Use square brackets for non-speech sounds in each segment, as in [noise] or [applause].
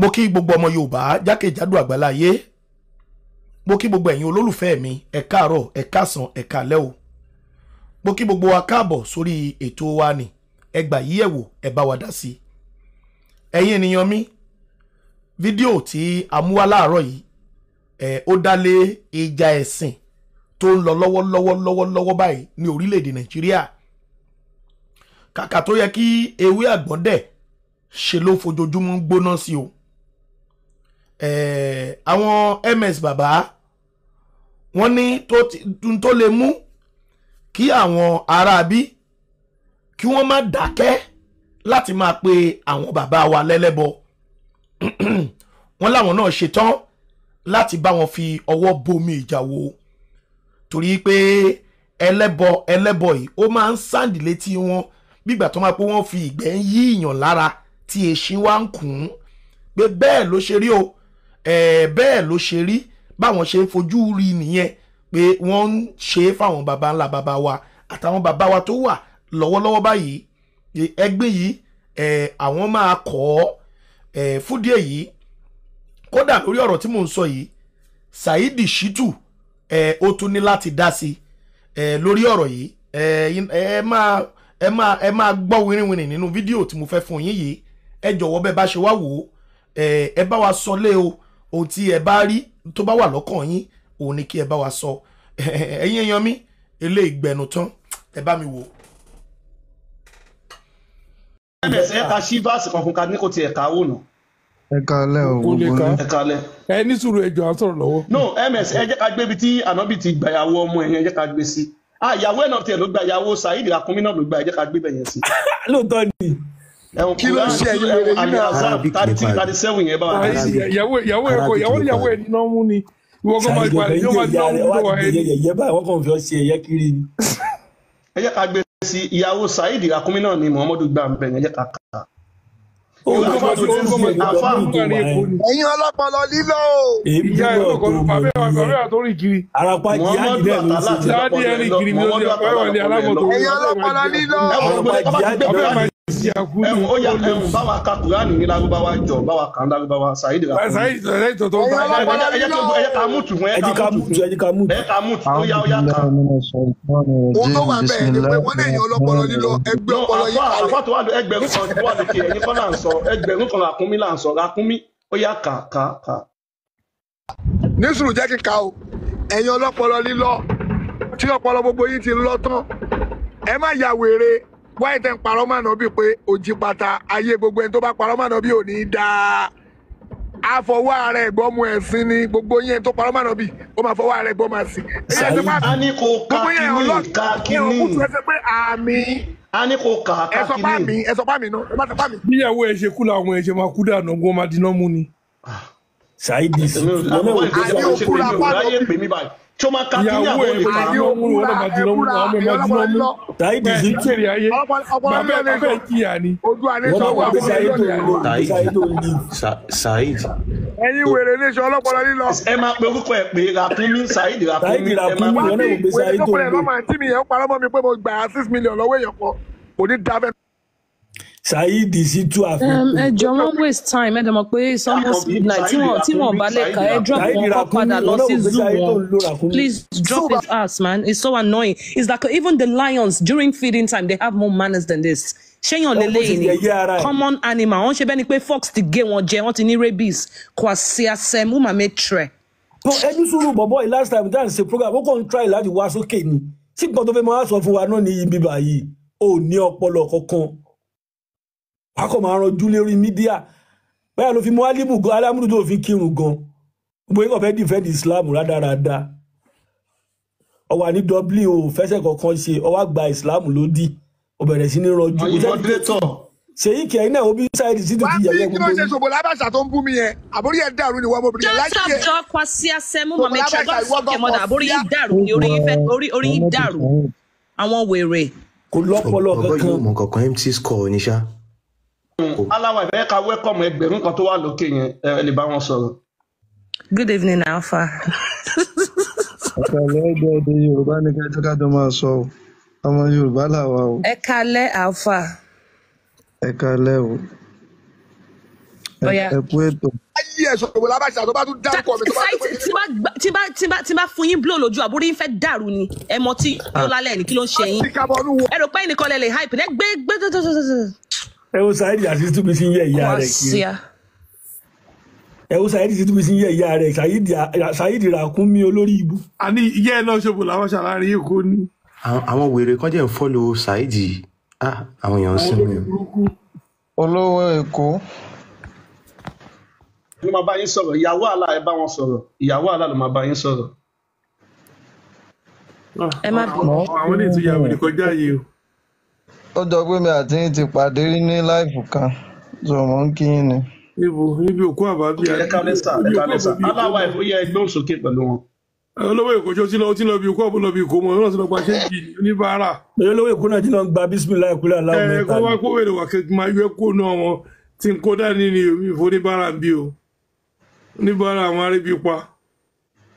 mo kí gbogbo ọmọ yorùbá jákèjádò àgbáláyé mo kí gbogbo ẹ̀yin olólùfẹ́ mi ẹ káàárọ̀ ẹ káàsán ẹ káalẹ́ o mo kí gbogbo wa káàbọ̀ sórí ètò wa ni ẹ gbà yí ẹ wò ẹ bá wa dá sí i ẹ̀yin ènìyàn mi fídíò tí a mú wá láàárọ̀ yìí ẹ̀ ó dá lé ìjà ẹ̀sìn tó ń lọ lọ́wọ́lọ́wọ́ báyìí ní orílẹ̀-èdè nàìjíríà kàkà tó yẹ kí ewé àgbọ̀n ṣe ló fojoojúmọ́ gbóná sí o. Eh, àwọn eh, ms baba wọ́n ní tó lè mú kí àwọn aráabí kí wọ́n má dákẹ́ láti máa pe àwọn bàbá wa lẹ́lẹ́bọ [clears throat] wọ́n láwọn náà ṣetán láti bá wọn fi ọwọ́ bomi ìjà wo torí pé ẹlẹ́bọ ẹlẹ́bọ yìí ó máa ń sáǹdì létí wọn bígbà tó máa pé wọ́n fi ìgbẹ́ ń yí ìyàn lára tí èsì wa ń kùn ún pé bẹ́ẹ̀ ló ṣe rí o ẹ̀ bẹ́ẹ̀ ló ṣe rí báwọn ṣe ń fojú rí nìyẹn pé wọ́n ń ṣe é fáwọn baba ńlá baba wa àtàwọn baba wa tó wà lọ́wọ́lọ́wọ́ báyìí ẹgbẹ́ yìí ẹ̀ àwọn máa kọ́ ẹ̀ fúdí èyí kódà lórí ọ̀rọ̀ tí mò ń sọ yìí Saidi Shittu ẹ̀ ó tún ní láti dá sí ẹ̀ lórí ọ̀rọ̀ yìí ẹ máa ẹ máa ẹ máa gbọ́ wìrìwìrì nínú fídíò tí mo fẹ́ fún yín yìí ẹ jọ̀wọ́ bẹ́ẹ̀ bá ṣe wá wò ó ẹ bá wa sọ lé o ohun tí ẹ bá rí tó bá wà lọ́kàn yín òun ni kí ẹ bá wa sọ [laughs] ẹ̀yin èèyàn mi eléyìí gbẹnu tán ẹ bá mi wò. ms ẹ̀ka shivas kankan ká ní kò tiẹ̀ ká wò náà. ẹ kalẹ o gbogbo ẹ kalẹ. ẹ ní sùúrù ẹjọ à ń sọ̀rọ̀ lọ́wọ́. no ms ẹ jẹ́ ká gbé ibi tí ànábì ti gbàyàwó ọmọ ẹ̀yẹn ẹ jẹ́ ká gbé sí. àyàwó ah, ẹ̀ náà tiẹ̀ ló gbàyàwó saheed akúnmí náà ló gbà ẹ jẹ́ ká gbé bẹ̀yẹn sí. [laughs] lóòótọ́ ni ẹwọn kura àmì azam thirty thirty seven yẹn bá wà ní. yàwó yàwó ẹkọ yàwó yàwó ẹ nínú ọmú ni ìwọ kọ máa gbà yóò máa dán ọmú lọ́wọ́ ẹ. yẹ báyìí wọn kàn fi ọ ṣe ẹyẹ kiri ni. ẹ jẹ́ ká gbé sí ìyàwó saheed akumi náà ni muhammadu gbà ń bẹ̀ ẹ jẹ́ ká kà á. ẹ̀yin ọlọ́pọlọ lílọ o. ìjà ìlú kan bàbá ọ̀rẹ́ àtọ́rìn kiri. arapa jẹ́ àjẹ́ mi sí. jáde ẹni kiri mi ló ní ọ̀pẹ́ wà ní alámọ̀tò. ẹ̀yin ọlọ́pọlọ lílọ. arapa jẹ́ àjẹ́ mi sí oya ẹ̀wù báwa ka kuraani ní larubawa jọ báwa kan larubawa sayidi la. sayidi sayidi tó tó ẹ ká mútu fún ẹ ká mútu ẹ ká mútu ẹ oya oya kan. wọ́n tó wà bẹ́ẹ̀ ni náà yàn ọlọ́pọlọ nílò ẹgbẹ́ ọpọlọ yìí kalẹ̀. àfa tó wà ló ẹgbẹ̀rún kan tó wà lókè ẹ̀yin kọ́ là sọ ẹgbẹ̀rún kan làkúnmí là sọ làkúnmí oya kà kà kà. ní jẹ́ kíka o ẹ̀yin ọlọ́pọlọ lílọ tí ọpọlọ gbogbo yín ti lọ tán ẹ má ya wèrè wáyé tẹ̀ ń parọ́ mọ́ ànábì pé òjì pata ayé gbogbo ẹni tó bá parọ́ mọ́ ànábì ò ní í dáa àfọwọ́ ààrẹ ẹ̀gbọ́n ẹ̀sìn ni gbogbo yẹn tó parọ́ mọ́ ànábì ó máa fọwọ́ ààrẹ ẹ̀gbọ́n máa sàyí a ní kò káàkiri káàkiri a ẹ sọ pa mi ẹ sọ pa mi náà níyàwó ẹ ṣe kú làwọn ẹ ṣe máa kú dànù gbọ́n máa di náà mú ni. Ah. sàyí dì àbí òkúra pàtó tí ó máa ka kí ìyàwó ẹ̀ máa di ọmú wọn náà máa di ọmú wọn máa sí kéré ayé bàbá ẹ̀ bẹ́ẹ̀ kíyà ni wọ́n náà wà pé sáyédò ló sáyédò ní wèrè ní sọ ọlọ́pàá lílọ. ẹ máa pe orúkọ ẹ pé ràkúnmí Saheed ràkúnmí ẹ máa pe orúkọ ẹ pé sáyédò ló. wèrè ní sọ ọlọ́pàá lílọ. wèrè ní sọ ọlọ́pàá lílọ saheed sí tú àfikún. ẹ jọ wọn waste time ẹ dẹ̀ mọ̀ pé it's almost midnight tí wọn tí wọn bá lè ẹ drop wọn kọ padà lọ sí zoo wọn please drop his ass man it's so annoying it's like even the lions during feeding time they have more manners than this ṣéyàn lélẹ́yìn ni common animal wọ́n ṣe bẹ́ẹ̀ pé fox ti gé wọn jẹ wọ́n ti ní rabies kwasiasem umametre. bọ ẹni sùúrù bọ̀bọ̀ yìí last time dáhùn ṣe program ó kàn ń try láti wá sókè ni sípò tó fẹ́ máa sọ fún wa náà ní ibi báyìí ò ní ọpọlọ kankan wàá kọ̀ máa ranjú lérí mídíà báyà ló fi mú alibu gan alámúdù tó fi kírun gan gbogbo yín kàn fẹ́ dìfẹ́ǹd islam rádaràda ó wà ní dublin o fẹsẹ̀ kankan ṣe ó wá gba islam lódì ó bẹ̀rẹ̀ sí ní ranjú. ṣèyí kẹrin náà obi ṣáìdì sí tòkì ìyàwó gbogbo. wọ́n fi kí wọ́n ṣe ṣòbò lábàṣà tó ń bú mi yẹn àbórí ẹ̀ dàrú ni wọ́n mo bìrì láti ṣe. jọ́sọ̀ jọ́ kọ́ sí ẹsẹ̀ mú màmí ẹ̀ṣẹ̀ gọ́ọ̀sì kẹmọ́dà àbórí yìí dàrú ni orí yìí dàrú àwọn wèrè. kò lọ́pọ̀lọ́ kankan. ọgbọ́n kankan empty score ní ṣá aláwa ìfẹ́ ká wẹ́kọ̀mù ẹgbẹ̀rún kan tó wà lókè yẹn ẹ lè bá wọn sọ̀rọ̀. good evening alfa. ọ̀pẹ̀lẹ̀ ẹgbẹ́ èdè yorùbá ní kẹ́tọ́ ká jọ máa sọ o ọmọ yorùbá làwa o. ẹ kalẹ́ alfa. ẹ kalẹ́ o. ẹ kú ètò. ayé ẹ̀ sọ̀rọ̀ wọlé abáṣà tó bá tún dárúkọ mi. tí bá tí bá fún yín blow lójú àbúrò yín fẹ́ dàrú ni ẹ mọ tí yóò lálẹ́ ní kí ló ń ṣe yín. ẹ rò pé ẹnìkan lẹ ẹ wo Saheed Azeez tún bí sí yẹ ìyá rẹ̀ kiri ẹ wo Saheed sí tún bí sí yẹ ìyá rẹ̀ Saheed Ràkúnmí olórí ibú. àní ìyá ẹ náà ṣòfò làwọn ṣàlàyé èkó ni. àwọn wèrè kan jẹ́ ń fọ́lò Saheed ah, àwọn èèyàn ń sinmi. olówó èkó ló máa bá yín sọ̀rọ̀ ìyàwó àlà ẹ bá wọn sọ̀rọ̀ ìyàwó àlà ló máa bá yín sọ̀rọ̀. ẹ má bínú. àwọn ilé ìtúyàwó ni kọjá yìí o ó jọ pé mi àti yín ti pàdé rí ní láìpù kan tó mò ń kí yín ni. níbo níbi òkú àbábí ẹ kálẹ̀ sà ẹ kálẹ̀ sà aláwa ìfòyà ẹgbẹ́ òsókè pẹ̀lú wọn. olówó èkó tí ó ti lọ bí ikú ọ̀bùn lọ bí ikú mọ̀ lọ́sọ̀ lọ́pàá ṣé kì í oníbàárà. olówó èkó náà ti lọ gba bísímìlá ìkúlẹ̀ aláwọ̀ mẹ́ta. ẹ kó wá kó wèrè wà kẹ́kẹ́ máa yọ kó náà wọn tí n kó dání ni oníbàárà bí o oníbàárà àwọn arábí pa.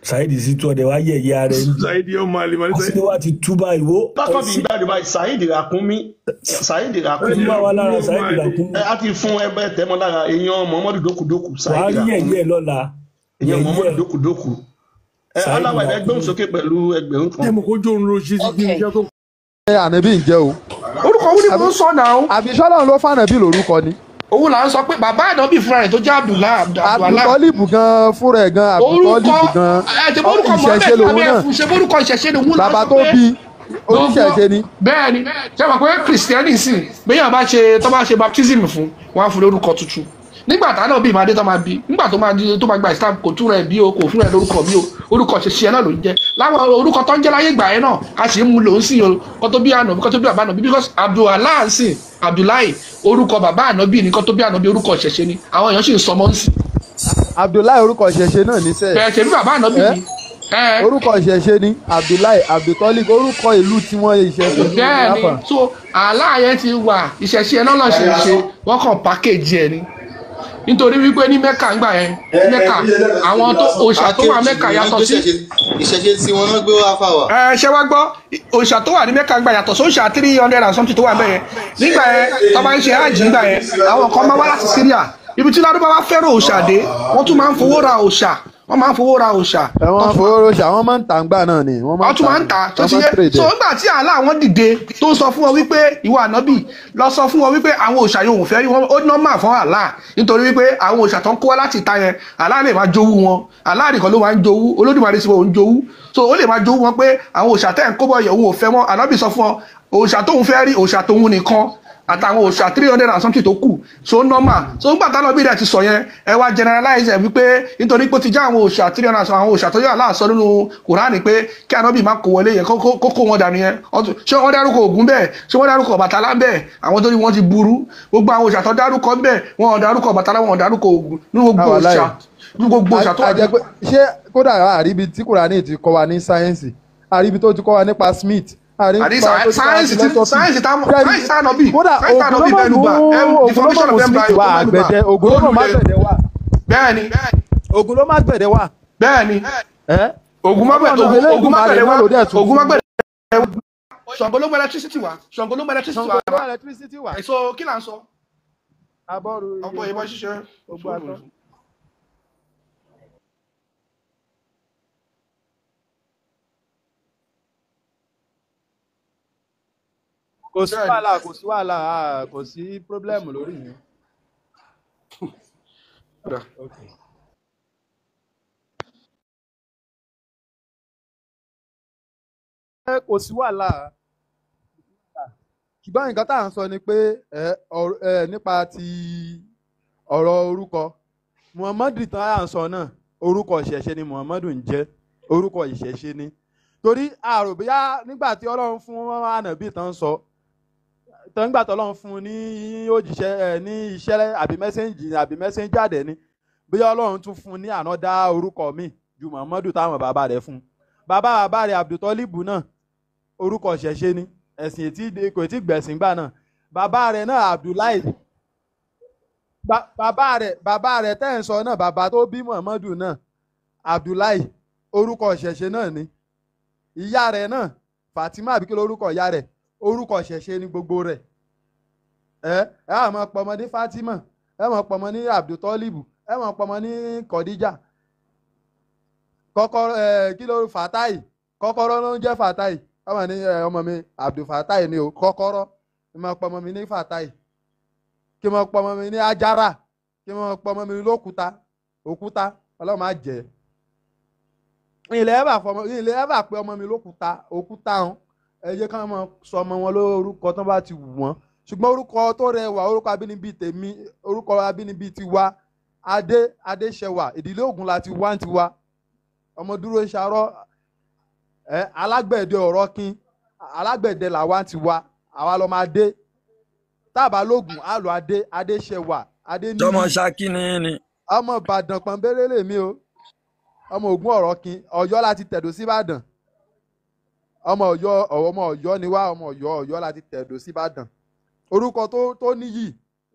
Saheed Shittu ọdẹ wa yẹyẹ ara ẹni Saheed oh, ọmọ alimọlẹ Saheed wa ti túbà ìwó. bákan bí ìgbàdùn báyìí Saheed Rakunmi Saheed Rakunmi bá wa lára Saheed Rakunmi. a ti fún ẹgbẹ́ tẹ́mọ lára èèyàn Muhammadu dokudoku Saheed Rakunmi. wàá yẹyẹ lọ́la. èèyàn Muhammadu dokudoku. aláwa ẹgbẹ́ gbóhùn sókè pẹ̀lú ẹgbẹ̀rún kan. ẹmu kojú òun ló ṣe sí jẹ́ tó. ànábì ń jẹ́ o. orúkọ wúni mo ń sọ náà. àbíṣọ́lá ló fànàbí lórúkọ ni òun là ń sọ pé bàbá ànábì fúnra rẹ̀ tó jẹ́ abdullah abdullah abdulkọ́lìbù gan fúnra ẹ̀ gan abdulkọ́lìbù gan ìṣẹ̀ṣe lòun náà bàbá tó bí oníṣẹ̀ṣe ni. bẹ́ẹ̀ni ṣé wàá pé kìrìsìtẹ́nì sìn bẹ́ẹ̀ yàrá bá ṣe tó bá ṣe baptism fún wọn á fún lórúkọ tuntun nígbà tá náà bí ìmọ̀ adé tó máa bí nígbà tó máa tó máa gba Islam kò túra ẹ̀ bí o kò fúnra ẹ̀ lórúkọ bí o orúkọ ṣẹṣẹ náà ló ń jẹ láwọn orúkọ tó ń jẹ láyé ìgbà yẹn náà a sì ń mu lòún sìn o ànàbí kó tó because Abdullah ń sìn Abdullahi orúkọ bàbá ànàbí ni kó ànàbí orúkọ ṣẹṣẹ ni àwọn èèyàn sì ń sọmọ ń sìn. Abdullahi orúkọ ṣẹṣẹ náà ní sẹ́ẹ̀. bẹ̀rẹ̀ ṣèlú bàbá ànàbí ni orúkọ ìṣẹ̀ṣe ni abdullahi abdulkalik orúkọ ìlú tí wọ́n ìṣẹ̀ṣe ní ìlú náà. bẹ́ẹ̀ni so àlàyé ti wà ìṣẹ̀ṣe náà lọ ṣe ṣe wọ́n kàn pákéjì ẹ ni nítorí wípé ní mẹ́kà ń gbà yẹn mẹ́kà àwọn òòṣà tó wà mẹ́kà yàtọ̀ sí. ìṣẹ̀ṣe tí wọ́n náà gbé wá fà wá. ẹ ṣe wá gbọ́ òòṣà tó wà ní mẹ́kà ń gbà yàtọ̀ sí òòṣà three hundred and something tó wà bẹ́ẹ̀ nígbà yẹn tó bá ń ṣe hajj nígbà yẹn àwọn kan máa wá láti Syria ibi tí ládùbáwá fẹ́ràn òòṣà dé wọ́n tún máa ń fowó ra òòṣà wọ́n máa ń fowó ra òòṣà. wọ́n máa ń fowó ra òòṣà wọ́n máa ń tà ń gbà náà ni. wọ́n máa ń tà tó ti yé so nígbà tí àlá wọn dìde tó sọ fún wọn wípé ìwà ànábì lọ sọ fún wọn wípé àwọn òòṣà yóò wò fẹ́ rí wọn ó ná mà fún àlá nítorí wípé àwọn òòṣà tó ń kó wá láti ta yẹn àlá lè máa jowú wọn àlá nìkan ló máa ń jowú olódùmarè sí wọn ò ń jowú so ó lè máa jowú wọn pé àwọn òòṣà tẹ́ ń kó bọ̀ yẹ̀ òun ò fẹ́ wọn ànábì sọ fún wọn òòṣà tóun fẹ́ àtàwọn òòṣà three hundred and something tó kù so normal so ń gbàtà lọ́bí rẹ̀ ti sọ yẹn ẹ wá generalize ẹ wípé nítorí pé ó ti já àwọn òòṣà three hundred and something àwọn òòṣà tó yọ aláàsọ nínú Kùránì pé kí ànábì má kó wọlé yẹn kó kó wọn dànù yẹn ṣé wọ́n dárúkọ Ògún bẹ́ẹ̀ ṣé wọ́n dárúkọ Ọbàtálá bẹ́ẹ̀ àwọn tó ní wọ́n ti burú gbogbo àwọn òòṣà tó dárúkọ bẹ́ẹ̀ wọn ò dárúkọ Ọbàtálá wọn ò dárúkọ Ògún nínú gbogbo òòṣà nínú gbogbo òòṣà tó wà. ṣé kódà àríbi tí Kùránì ti kọ́ wa ní sáyẹ́ǹsì àríbi tó ti kọ́ wa nípa Smith sáyẹ́nsì tí sáyẹ́nsì tá sáyẹ́nsì tá nọ bí sáyẹ́nsì tá nọ bí bẹ́ẹ̀ lùgbà information of them by ogun ló má gbẹ̀dẹ̀ wá bẹ́ẹ̀ ni ogun ló má gbẹ̀dẹ̀ wá bẹ́ẹ̀ ni ogun má gbẹ̀dẹ̀ wá ogun má gbẹ̀dẹ̀ wá ogun má gbẹ̀dẹ̀ wá Ṣàngó ló mú electricity wá Ṣàngó ló mú electricity wá èso kí là ń sọ ọ̀pọ̀ ìbọn ṣíṣe fóònù. kò sí wàhálà kò sí wàhálà kò sí pírọ́blẹ́mù lórí mi. Okay. kò sí wàhálà ṣùgbọ́n nǹkan tá à ń sọ ni pé nípa ti ọ̀rọ̀ orúkọ muhammadu tán à ń sọ náà orúkọ ìṣẹ̀ṣe ni muhammadu ń jẹ́ orúkọ ìṣẹ̀ṣe ni torí àròbíyá nígbà tí ọlọ́run fún ànàbí tán sọ tọ́ngbà tọ́lọ́run fún un ní òjíṣẹ́ ẹ̀ ní iṣẹ́ àbí mẹ́sẹ̀ǹjì àbí mẹ́sẹ̀ǹjì àdẹ ni bóyá ọlọ́run tún fún un ní ànádá orúkọ míì ju Muhammadu táwọn bàbá rẹ̀ fún un bàbá bàbá rẹ̀ Abdultọ́líbù náà orúkọ ṣẹ̀ṣe ni ẹ̀sìn ètí kò tí gbẹ̀sìn gbà náà bàbá rẹ̀ náà Abdullahi bàbá rẹ̀ bàbá rẹ̀ tẹ́ ń sọ náà bàbá tó bí Muhammadu náà Abdullahi orúkọ ṣẹ̀ṣe náà ni ìyá rẹ̀ náà Fatima àbíkí lórúkọ ìyá rẹ̀ orúkọ ṣẹ̀ṣẹ̀ ní gbogbo rẹ̀ ẹ ẹ àmọ́ pọmọ ní Fatima ẹ mọ̀ pọmọ ní Abdultolibu ẹ mọ̀ pọmọ ní Kọdíjà kọ́kọ́rọ́ ẹ kí ló Fatai kọ́kọ́rọ́ ló ń jẹ́ Fatai ọmọ ní ọmọ mi Abdulfatai ni o kọ́kọ́rọ́ ẹ mọ̀ pọmọ mi ní Fatai kí mọ̀ pọmọ mi ní Ajara kí mọ̀ pọmọ mi lókúta òkúta Ọlọ́run máa jẹ́ ilẹ̀ ẹ̀ bà pé ọmọ mi lókúta òkúta hàn ẹ jẹ́ ká máa sọ ọmọ wọn lórúkọ tó bá ti wù wọ́n ṣùgbọ́n orúkọ tó rẹwà orúkọ abínibí tèmi orúkọ abínibí tiwa adé adéṣẹwà ìdílé Ògùn láti wá ń tiwa ọmọ dúró ṣarọ́ ẹ alágbẹ̀dẹ ọ̀rọ̀ kín alágbẹ̀dẹ làwa ń tiwa àwa lọ́mọ adé tábà lóògùn àlọ́ adé adéṣẹwà adé nínú. tọmọ ṣákí ni ni. ọmọ ìbàdàn pọnbélé lèmi o ọmọ Ògùn ọ̀rọ̀ kín Ọ̀yọ́ láti tẹ̀dó síbàdàn. Si ọmọ Ọ̀yọ́ ọmọ Ọ̀yọ́ ni wá ọmọ Ọ̀yọ́ Ọ̀yọ́ láti tẹ̀dó síbàdàn orúkọ tó tó níyì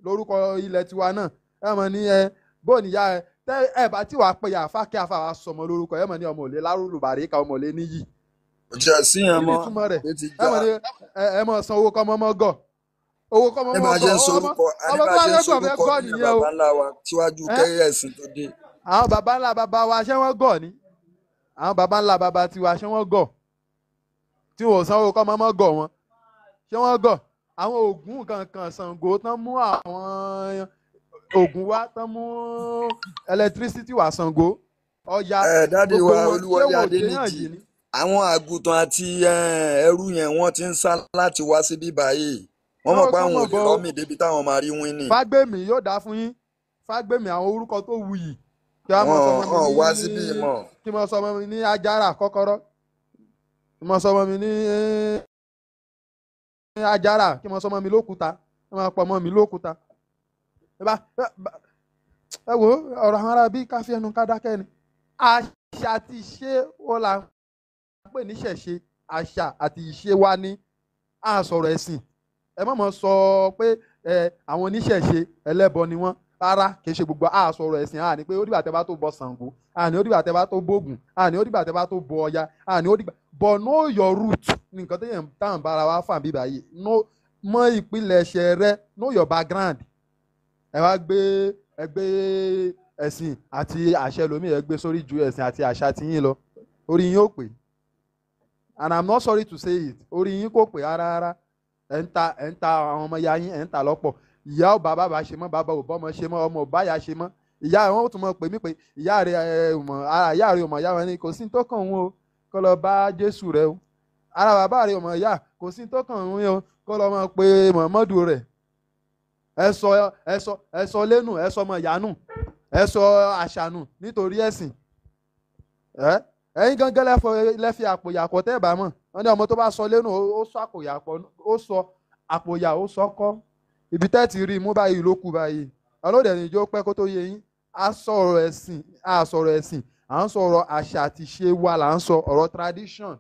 lórúkọ ilẹ̀ tiwa náà ẹ mọ̀ ní ẹ bóun ìyá ẹ tẹ ẹ bá tí wàá pe àfa kí afa wa sọmọ lórúkọ ẹ mọ̀ ní ọmọ òlé lárúbàrí ká ọmọ òlé níyì. ìjà sí ẹ mọ ẹ mọ ní ẹ mọ san owó kọmọ mọ gọ owó kọmọ mọ gọ ọmọ ọmọ tó wà lẹgbọn fẹ gọ nìyẹn o. àwọn baba ńlá baba wa ṣé wọ́n gọ̀ ni àwọn baba ńlá baba tiwa ṣé wọ́n gọ̀ tí wọn ò sanwó kọ́ máa gọ̀ wọn ṣé wọ́n gọ̀ àwọn ògùn kankan Ṣàngó tán mú àwọn ògùn wá tán mú ẹlẹtírísítì wá Ṣàngó ọjà gbogbo wọn ṣé wọ́n dé náà yìí ni àwọn àgùntàn àti ẹrú yẹn wọ́n ti ń sá láti wá sí bíbá yìí wọ́n mọ̀ pé àwọn òde lọmì débi táwọn máa rí wín ni. fágbèmí yóò dáa fún yín fágbèmí àwọn orúkọ tó wuyì. kí wọ́n mọ̀ sọmọ mi ní ajára kọ́kọ́rọ́ kí mo sọ ọmọ mi ní ajára kí mo sọ ọmọ mi lókúta kí mo pọ ọmọ mi lókúta ẹ wo ọ̀rọ̀ àwọn ará bí ká fi ẹnu ká dákẹ́ ni àṣà àti ìṣe ó là ń pè ní ṣẹ̀ṣe àṣà àti ìṣe wa ní àsọ̀rọ̀ ẹ̀sìn ẹ má mọ̀ sọ pé àwọn oníṣẹ̀ṣe ẹlẹ́bọ ni wọ́n rárá kì í ṣe gbogbo a sọ̀rọ̀ ẹ̀sìn a ní pé ó dìgbà tẹ́ bá tó bọ Ṣàngó a ní ó dìgbà tẹ́ bá tó bògùn a ó dìgbà tẹ́ bá tó bọ Ọya a ó dìgbà but know your root ní nǹkan téèyàn táwọn bára wa fà bíbá yìí mọ ìpilẹ̀ṣẹ̀ rẹ know your background ẹ wá gbé ẹ gbé ẹ̀sìn àti àṣẹ lomi ẹ gbé sórí ju ẹ̀sìn àti àṣà tiyín lọ orí yín ó pè and i'm not sorry to say it orí yín kò pè rárá rárá ẹ̀ ń ta ẹ̀ ń ta àwọn ọmọ ya yín ẹ̀ ń ta lọ́pọ̀ ìyá ò bá bàbá ṣe mọ́ bàbá ò bọ́mọ ṣe mọ́ ọmọ ò báyà ṣe mọ́ ìyá wọn ò tún mọ̀ pé mí pé ìyá rẹ ọmọ ara ìyá rẹ ọmọ ìyá wọn ni kò sí tó kàn wọn o kó lọ bá Jésù rẹ o ara bàbá rẹ ọmọ ìyá kò sí tó kàn wọn o kó lọ mọ̀ pé mọ̀mọ́dù rẹ ẹ̀sọ ẹ̀sọ ẹ̀sọ lẹ́nu ẹ̀sọ ọmọ ìyanu ẹ̀sọ àṣànù nítorí ẹ̀sìn ẹ̀ ẹ̀yin gángan lẹ́fi àpòyàpọ̀ tẹ́ẹ̀ bá mọ̀ wọ́n ní ọmọ tó bá sọ lẹ́nu ó sọ àpòyàpọ̀ ó sọ àpòyà ó sọ kọ́ ibi tẹ́ ti rí i mú báyìí ló kù báyìí ọlọ́dẹ ni ìjọ pẹ́ kó tó yẹ yín a sọ̀rọ̀ ẹ̀sìn a sọ̀rọ̀ ẹ̀sìn à ń sọ̀rọ̀ àṣà àti ṣe wa là ń sọ ọ̀rọ̀ tradition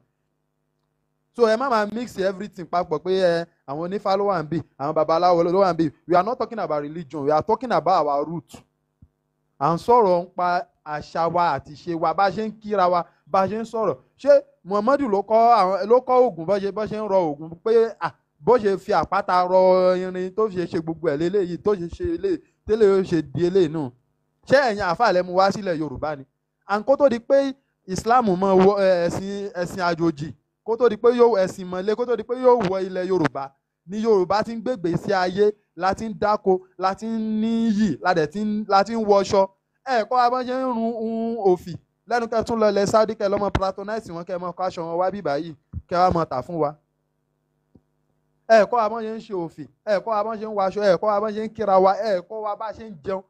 so ẹ má máa mix everything papọ̀ pé ẹ àwọn onífá ń bì àwọn babaláwo ló wà ń bì we are not talking about religion we are talking about our root à ń sọ̀rọ̀ ń pa àṣà wa àti ṣe wa bá a ṣe ń kíra wa bá a ṣe ń sọ̀rọ̀ ṣé muhammadu ló kọ́ àwọn ló kọ́ oògùn bó ṣe bó ṣe ń rọ oògùn pé ah bó ṣe fi àpáta rọ irin tó ṣe ṣe gbogbo ẹ̀ léléyìí tó ṣe ṣe lé tẹ́lẹ̀ ó ṣe di eléyìí náà ṣé ẹ̀yin àfàlẹ́ mu wá sílẹ̀ yorùbá ni and kó tó di pé ìsìláàmù mọ ẹ̀sìn ẹ̀sìn àjòjì kó tó di pé yóò ẹ̀sìn mọ̀lẹ́ kó tó di pé yóò wọ ilẹ̀ yorùbá ni yorùbá ti ń gbègbè sí ayé la ti ń dáko la ti ń níyì la ti ń wọṣọ ẹ̀kọ́ abọ́njẹ́ ń run un òfì lẹ́nu kẹ́ tún lọ ilẹ̀ saudi kẹ́ lọ́mọ patronize wọn kẹ́ mọ́ kọ́ aṣọ wọn wá bíbá yìí kẹ́ wá mọ́ tà fún wa ẹ̀kọ́ wa bá ṣe ń ṣe òfin ẹ̀kọ́ wa bá ṣe ń waṣọ ẹ̀kọ́ wa bá ṣe ń kíra wa ẹ̀kọ́ wa bá ṣe ń jẹun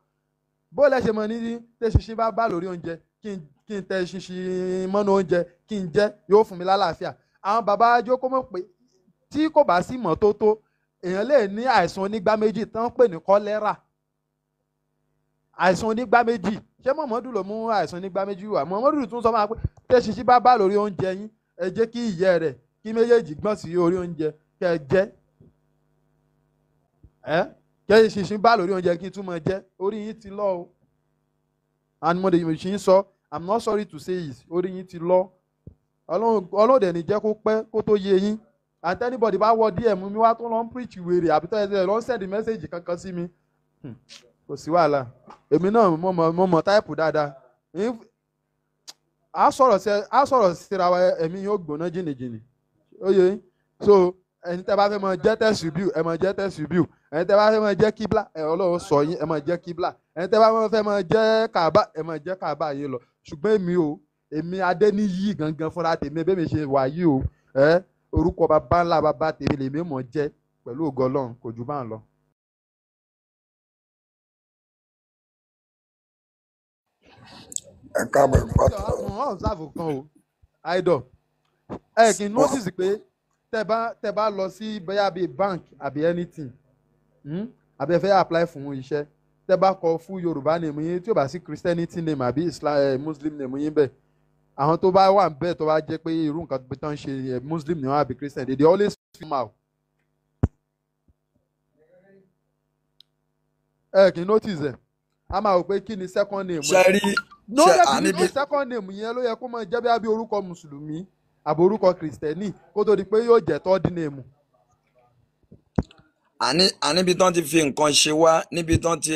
bó lẹ́sẹ̀ mọ nídìí tẹ̀síṣin bá bá lórí oúnjẹ kí n tẹ̀síṣin mọ́nú oúnjẹ kí n jẹ yóò fún mi lálàáfíà àwọn bàbá ajókòó mọ̀ pé tí kò bá sí mọ́tótó èèyàn lè ní àìsàn onígbá méjì tán pè ní kọ́lẹ́rà àìsàn onígbá méjì ṣé mọ̀mọ́dù ló mú àìsàn onígbá méjì wá mọ̀mọ́dù tún sọ máa pé tẹ̀síṣin bá bá lórí oúnjẹ yín ẹ jẹ́ kí ìyẹ́ rẹ̀ kí méjèèjì gbọ́n sí orí oúnjẹ kẹ́ ẹ jẹ́ ṣinṣin bá lórí oúnjẹ kí n tún máa jẹ́ orí yín ti lọ o and mo lè ṣì ń sọ i'm not sorry to say it orí yín ti lọ ọlọ́dẹ ní jẹ́ kó pẹ́ kó tó yé yín and anybody bá wọ díẹ̀ mú mi wá tó lọ́n preach wèrè àbí tó ẹ lọ́n send message kankan sí mi hmm, kò sí wàhálà èmi náà mo mọ mo mọ táìpù dáadáa a sọ̀rọ̀ síra wa ẹ̀mí yóò gbóná jìnnìjìnnì ó yẹ so ẹni tẹ́ bá fẹ́ mọ jẹ́ tẹ̀síbíù ẹ mọ jẹ́ tẹ̀síbíù ẹni tẹ́ bá fẹ́ mọ jẹ́ kíbla ẹ ọlọ́run sọ yín ẹ mọ jẹ́ kíbla ẹni tẹ́ bá fẹ́ mọ jẹ́ kàbá ẹ mọ jẹ́ kàbá yìí lọ ṣùgbọ́n èmi o èmi adéníyí gangan fúnra tèmi bẹ́ẹ̀ mi ṣe wà yìí o ẹ orúkọ bàbá ńlá bàbá tèmi lèmi mọ̀ jẹ́ pẹ̀lú ògo ọlọ́run kò jù báà lọ. ẹ káàbọ̀ ìpàtó. ọ̀hún ọ̀hún ṣàfù kan o idol ẹ kì í nọ́ọ̀sì tẹ bá tẹ bá lọ sí bóyá bíi bank àbí anything Hmm. àbí ẹ fẹ́ apply fún iṣẹ́ tẹ bá kọ fún yorùbá name yín tí ò bá sí christianity name àbí islam eh, muslim name yín bẹ́ẹ̀ àwọn tó bá wà bẹ́ẹ̀ tó bá jẹ́ pé irú nǹkan tó tán ṣe eh, muslim ni àbí christian they dey always film out. ẹ kì í notice ẹ a máa wò pé kí ni second name. ṣe rí ṣe àníbi. no second name yẹn ló yẹ kó máa jẹ́ bí orúkọ mùsùlùmí àbórúkọ kìrìsìtẹ́nì kó tó di pé yóò jẹ́ tọ́ọ̀dì nèmù. àní àníbi tán ti fi nǹkan ṣe wá níbi tán ti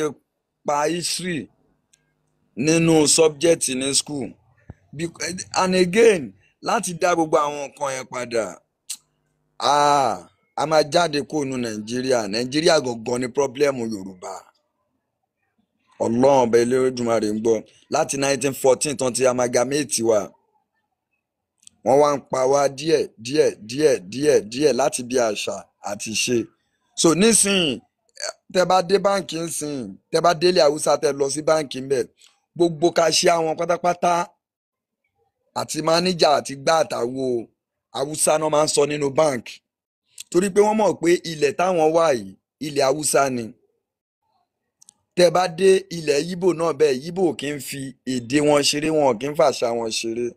pa history nínú subject ní school and again láti dá gbogbo àwọn nǹkan yẹn padà a máa jáde kóònù nàìjíríà nàìjíríà gangan ni pírọ́blẹ́mù yorùbá ọlọ́run ọba elédùnmarè ń gbọ́ láti 1914 tán ti amalgamate wa wọ́n wá ń pa wá díẹ̀ díẹ̀ díẹ̀ díẹ̀ díẹ̀ láti bí àṣà àti ṣe so nísìnyí tẹ bá dé báǹkì nsìn tẹ bá délé haúsá tẹ lọ sí báǹkì mbẹ gbogbo cashier wọn pátápátá àti máníjà àti gbá àtàwo haúsá náà máa ń sọ nínú báǹkì torí pé wọ́n mọ̀ pé ilẹ̀ táwọn wà yìí ilẹ̀ haúsá ni tẹ bá dé ilẹ̀ yíbò náà bẹ́ẹ̀ yíbò kì í fi èdè wọn ṣeré wọn kì í fàṣà wọn ṣeré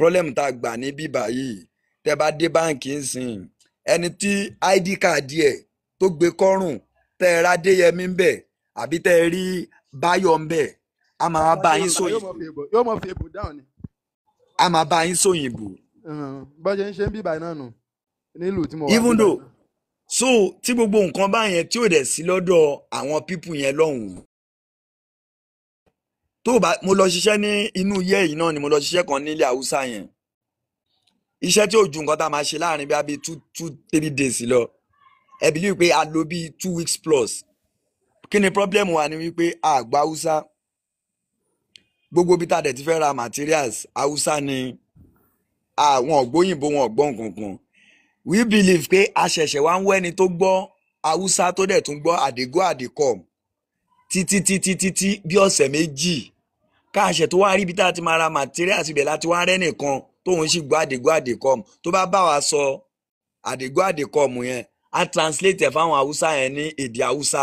problem tá a gbà ní bíbà yìí tẹ́ bá dé báǹkì ń sìn ẹni tí id card ẹ̀ tó gbé kọ́rùn tẹ́ ẹ ra Adéyẹmí ń bẹ̀ àbí tẹ́ ẹ rí Báyọ̀ ń bẹ̀ a máa bá yín sóyìnbó yóò mọ̀ fi èbò dáhùn ni. a máa bá yín sóyìnbó. bọ́jẹ̀ ń ṣe ń bíbà náà nù nílùú tí mo wà. even though so tí gbogbo nǹkan báyẹn tí ò dẹ̀ sí lọ́dọ̀ àwọn pípù yẹn lọ́hùn-ún tó bá mo lọ ṣiṣẹ́ ní inú iye yìí náà ni mo lọ ṣiṣẹ́ kan nílẹ̀ haúsá yẹn iṣẹ́ tí ò ju nǹkan tá a máa ṣe láàrin bí abí two two three days lọ ẹ believe pé a lò bíi two weeks plus kí ni problem wa ni wípé àgbà haúsá gbogbo bí tàdé ti fẹ́ ra materials haúsá ni àwọn ògbóyìnbó wọn ọ̀gbọ́n kankan we believe pé a ṣẹ̀ṣẹ̀ wá ń wẹ́ni tó gbọ́ haúsá tó dẹ̀ tún gbọ́ àdégó àdékọ̀ọ́ títí títí títí bí ọ̀sẹ̀ méjì káàṣẹ̀ tó wá rí ibi tá a ti máa ra materials ibẹ̀ láti wá rẹ́ nìkan tóun sì gbọ́ àdìgọ́ àdìkọ́mù tó bá bá wa sọ àdìgọ́ àdìkọ́mù yẹn á translate ẹ̀ fáwọn haúsá yẹn ní èdè haúsá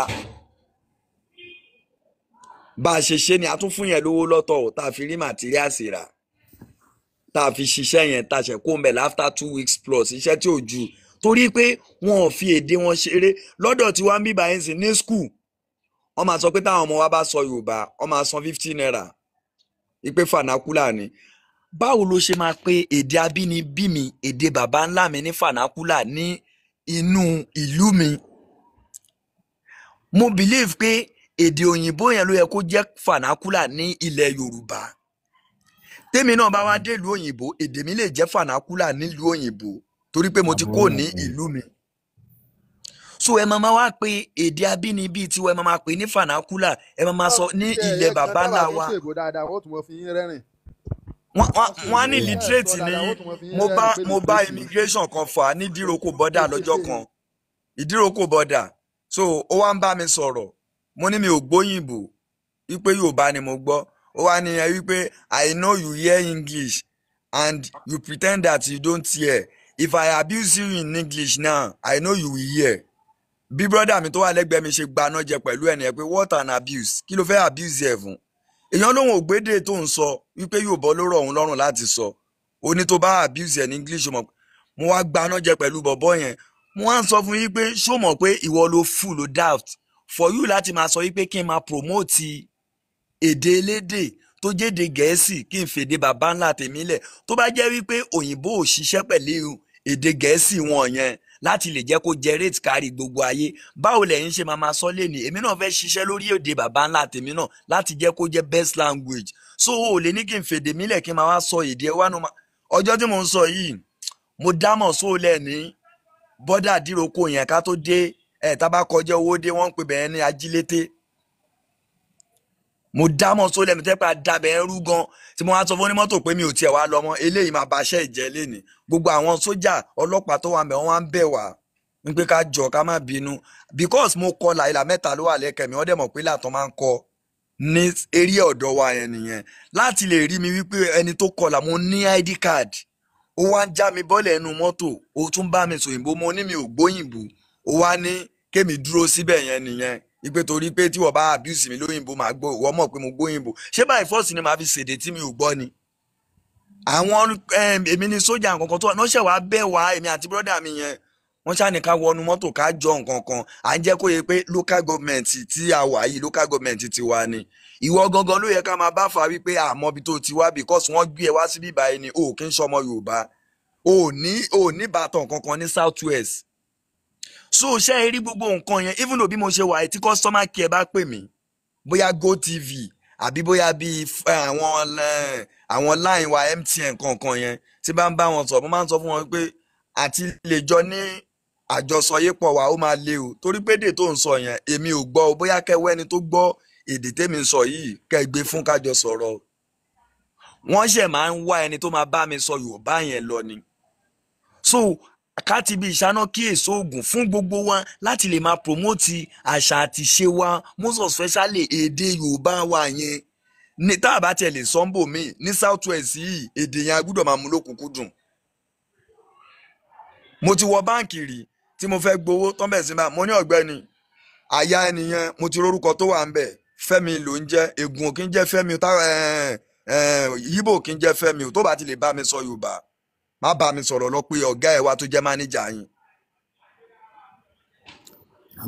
bá a ṣe ṣe ni a tún fún yẹn lówó lọ́tọ̀ tá a fi rí materials rà tá a fi ṣiṣẹ́ yẹn tá a ṣe kó mbẹ̀ after two weeks plus iṣẹ́ tí ò ju torí pé wọn ò fi èdè wọn ṣeré lọ́dọ̀ tí wọ́n ń bíbá yẹn sí ní school wọ́n máa sọ pé táwọn ọmọ wa bá sọ yorùbá wọ́n máa san fifty naira ìpè fanakula ni báwo ló ṣe máa pe èdè abínibí mi èdè bàbá ńlá mi ní fanakula ní inú ìlú mi mo believe pé èdè òyìnbó yẹn ló yẹ kó jẹ́ fanakula ní ilẹ̀ yorùbá tèmi náà bá wá dé ìlú òyìnbó èdè mi lè jẹ́ fanakula nílùú òyìnbó torí pé mo ti kó ní ìlú mi. Mm -hmm so ẹ máa wá pé èdè abínibí tiwa ẹ máa pè ní fanakula ẹ máa sọ ní ilẹ̀ bàbá ńlá wa wọ́n á ní literate ní mo bá mo bá immigration kan fà á ní ìdíròkò bọ́dà lọ́jọ́ kan ìdíròkò bọ́dà so ó wá ń bá mi sọ̀rọ̀ mo ní mi ò gbóyìnbó wípé Yorùbá ni mo gbọ́ ó wá ní ẹ wípé I know you hear English and you pretend that you don't hear if I abuse you in English now I know you will hear bí brọ́dà mi tó wà lẹ́gbẹ̀ẹ́ mi ṣe gbaná jẹ pẹ̀lú ẹni ẹ pé what an abuse kí ló fẹ́ abuse ẹ̀ fún èèyàn lòun ò gbédè tó ń sọ wípé yóò bọ́ ló rọ̀ òun lọ́rùn láti sọ ó ní tó bá abuse ẹ̀ ní english mọ̀ mo wá gbaná jẹ pẹ̀lú bọ̀bọ́ yẹn mo wá ń sọ fún yín pé ṣó mọ̀ pé ìwọ ló fù ló daft for you láti máa sọ wípé kí n máa promote èdè elédè tó jéde gẹ̀ẹ́sì kí n fèdè bàbá ńlá tèmi lẹ̀ tó bá jẹ́ wípé òyìnbó ò pẹ̀lú èdè gẹ̀ẹ́sì wọn yẹn láti lè jẹ́ kó generate kárí gbogbo ayé báwo lẹ́yìn ṣe máa ma sọ lẹ́nu èmi náà fẹ́ ṣiṣẹ́ lórí èdè bàbá ńlá tèmi náà láti jẹ́ kó jẹ́ best language so o lè ní kí n fèdè mílẹ̀ kí n máa wá sọ èdè ẹ wá nu ma ọjọ́ tí mo ń sọ yìí mo dámọ̀ sóò lẹ́ni bọ́dà díroko yẹn ká tó dé ẹ̀ tá bá kọjá owó dé wọ́n ń pè bẹ́ẹ̀ ní ajílété mo dá mọ́ sólẹ̀ mi tẹ́pẹ́ àdàbẹ̀ ẹrú gan tí mo wá sọ fún onímọ́tò pé mi ò tiẹ̀ wá lọ mọ́ eléyìí máa bàṣẹ́ ìjẹ́ lẹ́ni gbogbo àwọn sójà ọlọ́pàá tó wà mẹ́ wọ́n wá ń bẹ̀ wá ń pé ká jọ ká má bínú because mo kọ làìlà mẹ́ta ló wà lẹ́kẹ̀mí wọ́n dẹ̀ mọ̀ pé làtọ́ máa ń kọ ní eré ọ̀dọ̀ wa yẹn nìyẹn láti lè rí mi wípé ẹni tó kọlà mo ní id card ó wá ń já mi bọ́lẹ̀ ẹnu mọ́tò ó tún bá mi sòyìnbó mo ní mi ò gbóyìnbó ó wá ní kémi dúró síbẹ̀ yẹn nìyẹn ìpè torí pé tí wọ́n bá abuse mi lóyìnbó máa gbọ́ ìwọ mọ̀ pé mo gbóyìnbó ṣé báyìí fọ́ọ̀sì ni màá fi ṣèdè tí mi ò gbọ́ ni àwọn èmi ni sójà nǹkan tó wà náà ṣẹ̀wá bẹ́ẹ̀ wá èmi àti brọ́dà mi yẹn wọ́n ṣàní ká wọnú mọ́tò ká jọ nǹkan kan à ń jẹ́ kó yẹ pé local government tí a wà yìí local government ti wà ni ìwọ gangan ló yẹ ká máa bá fa wípé àmọ́bi tó ti wá because wọ́n gbé ẹ wá síbí báyìí ni o kì í ṣọmọ Yorùbá o ní o ní bàtàn kankan ní South West so ṣe rí gbogbo nǹkan yẹn even though bí mo ṣe wà tí customer care bá pè mí bóyá gotv àbí bóyá bíi eh, àwọn eh, àwọn line wa mtn kankan yẹn tí bá ń bá wọn sọ mo máa ń sọ fún wọn pé àti lè jọ ní àjọsọyépọ̀ wa ó máa le o torí pé èdè tó ń sọ yẹn èmi ò gbọ́ o bóyá kẹwẹ́ ẹni tó gbọ́ èdè tèmi ń sọ yìí kẹgbẹ́ fún kájọ sọ̀rọ̀ wọ́n ṣẹ̀ máa ń wá ẹni tó máa bá mi sọ yorùbá yẹn lọ ni so káti bí ìṣáná kí èso oògùn fún gbogbo wa láti lè máa promote àṣà àti ìṣe wa most especially èdè Yorùbá wa yẹn ní tá a bá tiẹ̀ lè sọ́ńbò mi ní south west yìí èdè yẹn a gbọ́dọ̀ máa mú lókùnkúndùn mo ti wọ báǹkì rí tí mo fẹ́ gbowó tán bẹ̀ sí ma mo ní ọ̀gbẹ́ni àyà ènìyàn mo ti rórúkọ tó wà ń bẹ̀ fẹ́mi ló ń jẹ́ ègùn ò kí ń jẹ́ fẹ́mi yíbò ò ń jẹ́ fẹ́mi tó bá ti lè bá mi sọ Yorùbá má bá mi sọ̀rọ̀ lọ pé ọ̀gá ẹ̀ wa tó jẹ́ mánéjà yín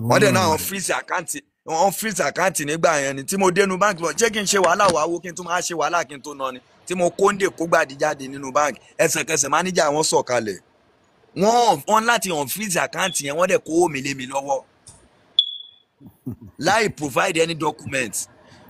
wọ́n dẹ̀ náà wọ́n fírísì àkáǹtì wọ́n fírísì àkáǹtì nígbà yẹn ni tí mo dénú báńkì lọ jẹ́ kí n ṣe wàhálà wàá wo kí n tó máa ṣe wàhálà kí n tó nà ni tí mo kóńdè kógbàdì jáde nínú báńkì ẹsẹ̀kẹsẹ̀ mánéjà wọn sọ̀kalẹ̀ wọ́n wọ́n láti wọ́n fírísì àkáǹtì yẹn wọ́n dẹ̀ kówó mi lé mi lọ́wọ́ [laughs] láì provide any document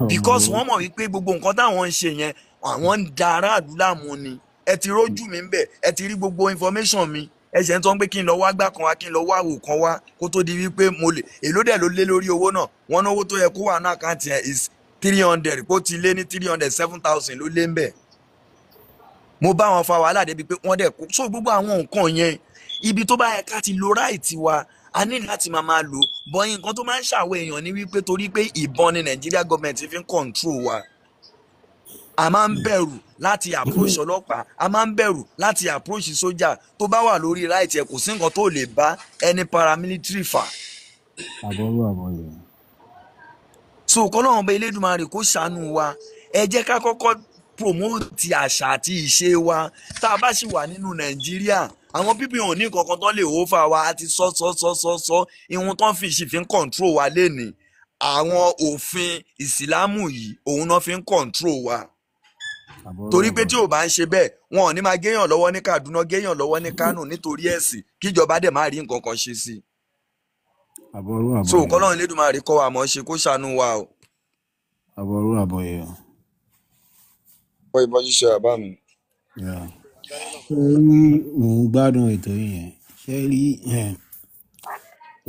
oh, because wọ́n mọ̀ wípé gbogbo nǹkan táwọn ń ṣe yẹn àwọn ń da aráàlú láàmú ni ẹ ti rójú mi ń bẹ̀ ẹ ti rí gbogbo information mi ẹsẹ̀ ń tọ́ pé kí n lọ wá gbà kan wá kí n lọ wá àwò kan wá kó tó di wípé mo lè èló dẹ̀ ló lé lórí owó náà wọn náwó tó yẹ kó wà náà àkáǹtì ẹ̀ is three hundred kó ti lé ní three hundred seven thousand ló lé ń bẹ̀. mo bá wọn fa wàhálà débi pé wọ́n dẹ̀ kó so gbogbo àwọn nǹkan yẹn ibi tó bá yẹ ká ti lo ráìtì wa a ní láti máa máa lò bọ́yìn nǹkan tó máa ń ṣàwọ̀ èèyàn ní wípé torí pé ìbọn ni Nàìjíríà gọ́ọ̀mẹ̀ntì fi ń kọ̀ǹtró wa a máa ń bẹ̀rù láti approach ọlọ́pàá a máa ń bẹ̀rù láti approach sójà tó bá wà lórí right ẹ̀ kò sí nǹkan tó lè bá ẹni paramilitary fà. àbọ̀wọ̀ àbọ̀yẹ̀. so kọ́lọ́run bẹ Elédùmarè kó ṣàánú wa ẹ jẹ́ ká kọ́kọ́ promote àṣà àti ìṣe wa tá a bá sì wà nínú Nàìjíríà àwọn pípì ò ní kankan tó lè hó fà wá àti sọ́sọ́sọ́sọ́ ìhun tó fi ìṣìfì ń control wa lénìí àwọn òfin ìsìlámù yìí òun náà fi ń control wa torí pé tí ò bá ń ṣe bẹ́ẹ̀ wọn ò ní máa géèyàn lọ́wọ́ ní Kaduna géèyàn lọ́wọ́ ní Kano nítorí ẹ̀sìn kíjọba dẹ̀ má rí nǹkan kan ṣe sí i. àbọ̀rú àbọ̀yẹ so kọ́lọ́run lédùmarè kọ́ wa mọ̀ ṣe kó ṣàánú wa o. àbọ̀rú àbọ̀yẹ. wọ́n ìbọn ṣíṣe àbá mi. ṣé rí mò ń gbádùn ètò yìí ṣé rí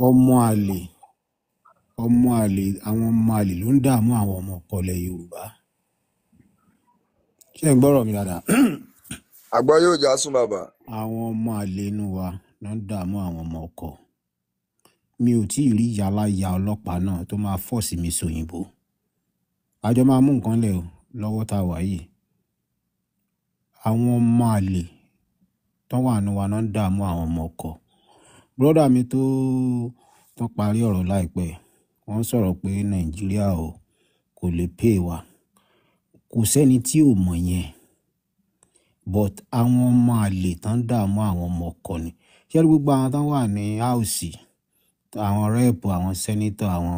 ọmọ àlè ọmọ àlè àwọn ọmọ àlè ló ń dààmú àwọn ọmọ ọpọlọ Yorùbá ṣé ń gbọ́rọ̀ mi dáadáa. [clears throat] àgbọ̀ yóò já sún bàbá. àwọn ọmọ àlè inú wa ló ń dààmú àwọn ọmọ ọkọ mi ò tí ì rí yàláyà ọlọ́pàá náà tó máa fọ́ọ̀sì mi sòyìnbó àjọ máa mú nǹkan lẹ̀ o lọ́wọ́ tá a wà yìí àwọn ọmọ àlè tó wà nù wa náà ń dààmú àwọn ọmọ ọkọ bùrọ́dà mi tó tán parí ọ̀rọ̀ láìpẹ́ wọ́n sọ̀rọ̀ pé nàìjíríà o kò lè pè wá kò sẹ́ni tí ò mọ̀ yẹn but àwọn ọmọ àlè tán dààmú àwọn ọmọ ọkọ ni ṣé ẹni gbogbo àwọn tán wà ní áùsì àwọn rẹ́ẹ̀pù àwọn sẹ́nítọ̀ àwọn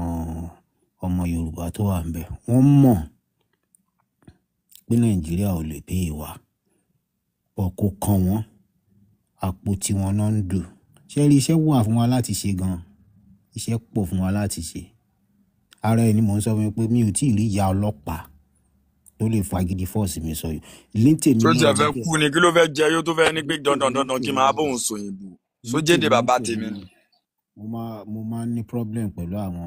ọmọ Yorùbá tó wà ń bẹ̀ wọ́n mọ̀ pé Nàìjíríà ò lè pé ìwà ọkọ̀ kan wọ́n àpò tí náà ń dù ṣé iṣẹ́ wà fún wa láti ṣe gan iṣẹ́ pọ̀ fún wa láti ṣe ara ẹni mò ń sọ fún mi pé mi ò tí ì rí ìyá ọlọ́pàá tó lè fagidi fọ́ọ̀sì mi sọ yìí lẹ́ńtẹ̀ mi. sójà fẹ́ kú ni kí ló fẹ́ jẹ yóò tó fẹ́ ní pé dandan dandan kí máa bóun sọ ìbò sójéde bàbá tèmi. mo máa mo máa ní problem pẹ̀lú àwọn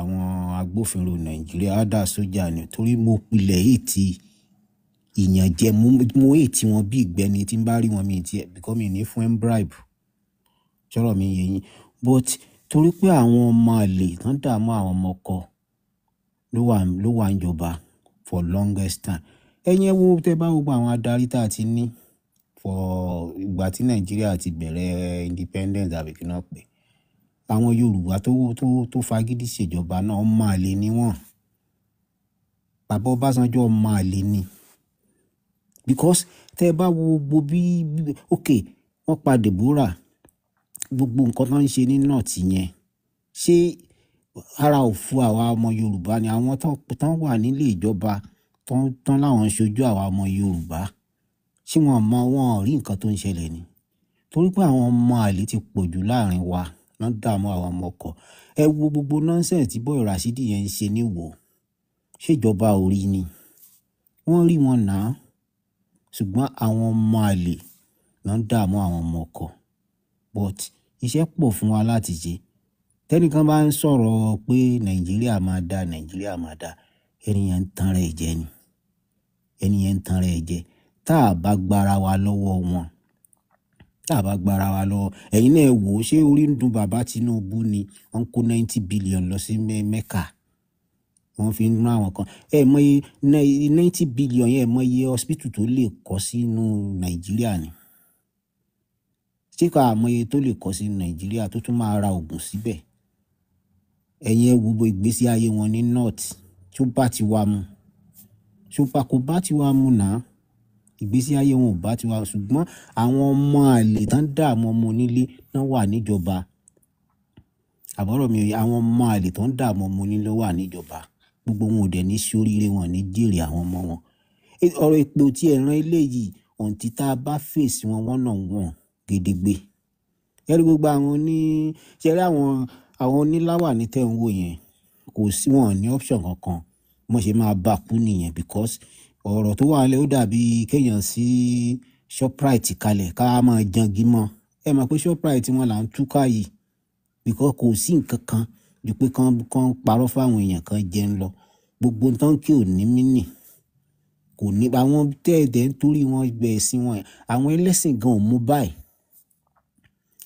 àwọn agbófinró nàìjíríà ádà sójà ni torí mo pilẹ̀ èyí ti ìyànjẹ mo èyí tí wọn bí ìgbẹ́ni tí n bá rí wọn mi tiẹ̀ because mi ní fún ẹ̀ ń bribe sọ̀rọ̀ mi yẹ yín but torí pé àwọn ọmọ àlè tán dààmú àwọn ọmọ ọkọ ló wà ń jọba for longest time ẹ̀yin ẹ wo tẹ́ bá gbogbo àwọn adarí tá a ti ní for ìgbà tí nàìjíríà ti bẹ̀rẹ̀ independence àbí kí náà pé àwọn yorùbá tó tó tó fagídí ṣèjọba náà ọmọ àlè ni wọ́n bàbá ọbásanjọ́ ọmọ àlè ni because tẹ́ bá wo gbogbo bí ok wọ́n pa deborah gbogbo nǹkan tó ń ṣe ní north yẹn ṣé ara òfu àwa ọmọ yorùbá ni àwọn tán wà nílé ìjọba tán láwọn ṣojú àwa ọmọ yorùbá tí wọn mọ wọn rí nǹkan tó ń ṣẹlẹ̀ ni torí pé àwọn ọmọ àlè ti pọ̀ jù láàrin wa wọ́n dààmú àwọn ọmọ ọkọ̀ ẹ wo gbogbo nọ́ńsẹ̀ǹsì tí bọ́ọ̀ rasidi yẹn ń ṣe níwò ṣèjọba orí ni wọ́n rí wọn nà á ṣùgbọ́n àwọn ọmọ àlè ló dààmú àwọn ọmọ ọkọ̀ but iṣẹ́ pọ̀ fún wa láti ṣe tẹ́nìkan bá ń sọ̀rọ̀ pé nàìjíríà máa da nàìjíríà máa da ènìyàn ń tan rẹ̀ jẹ ni ènìyàn ń tan rẹ̀ jẹ tá a bá gbára wa lọ́wọ́ wọn tá a bá gbára wa lọ́wọ́ ẹ̀yin náà wò ó ṣé orí ń dùn bàbá Tinubu ni wọ́n kó ninety billion lọ sí mẹ́ka wọ́n fi ń rán àwọn kan ẹ mọ ninety billion yẹn mọ iye hospital tó lè kọ́ sínú nàìjíríà ni ṣé ká àmọye tó lè kọ́ sínú nàìjíríà tó tún máa ra oògùn síbẹ̀ ẹ̀yin ẹ̀ wo bo ìgbésí ayé wọn ní north tó bá ti wá mu ṣùpà kò bá ti wá mu náà ìgbésí ayé wọn ò bá ti wá ṣùgbọ́n àwọn ọmọ àlè tán dààmú ọmọ onílé náà wà níjọba àbọ̀rọ̀ mi àwọn ọmọ àlè tán dààmú ọmọ onílé wà níjọba gbogbo wọn ò dẹ̀ ní sóríire wọn ní jèrè àwọn ọmọ wọn ọ̀rọ̀ ìpè ò tiẹ̀ ràn eléyìí ọ̀ǹtí tá a bá fèsì wọn wọ́n náà wọ̀n gedegbe ẹ̀rí gbogbo àwọn ní ṣẹ́rí àwọn àwọn oníláwàní tẹ́ ń wò yẹn kò sí wọn ní option kankan mo ṣe máa bá kú nìyẹn because ọ̀rọ̀ tó wà lẹ́ ó dàbí kéèyàn sí shoprite kalẹ̀ ká máa jangi mọ́ ẹ mọ̀ pé shoprite wọn là ń túká yìí because kò sí nǹkan kan ju pé kán kán parọ́ fáwọn èèyàn kan jẹun lọ gbogbo tán kí ò ní mí nì kò ní àwọn tẹ́ẹ̀dẹ̀ ń torí wọn gbẹ̀ẹ́sìn wọn àwọn ẹlẹ́sìn gan ò mú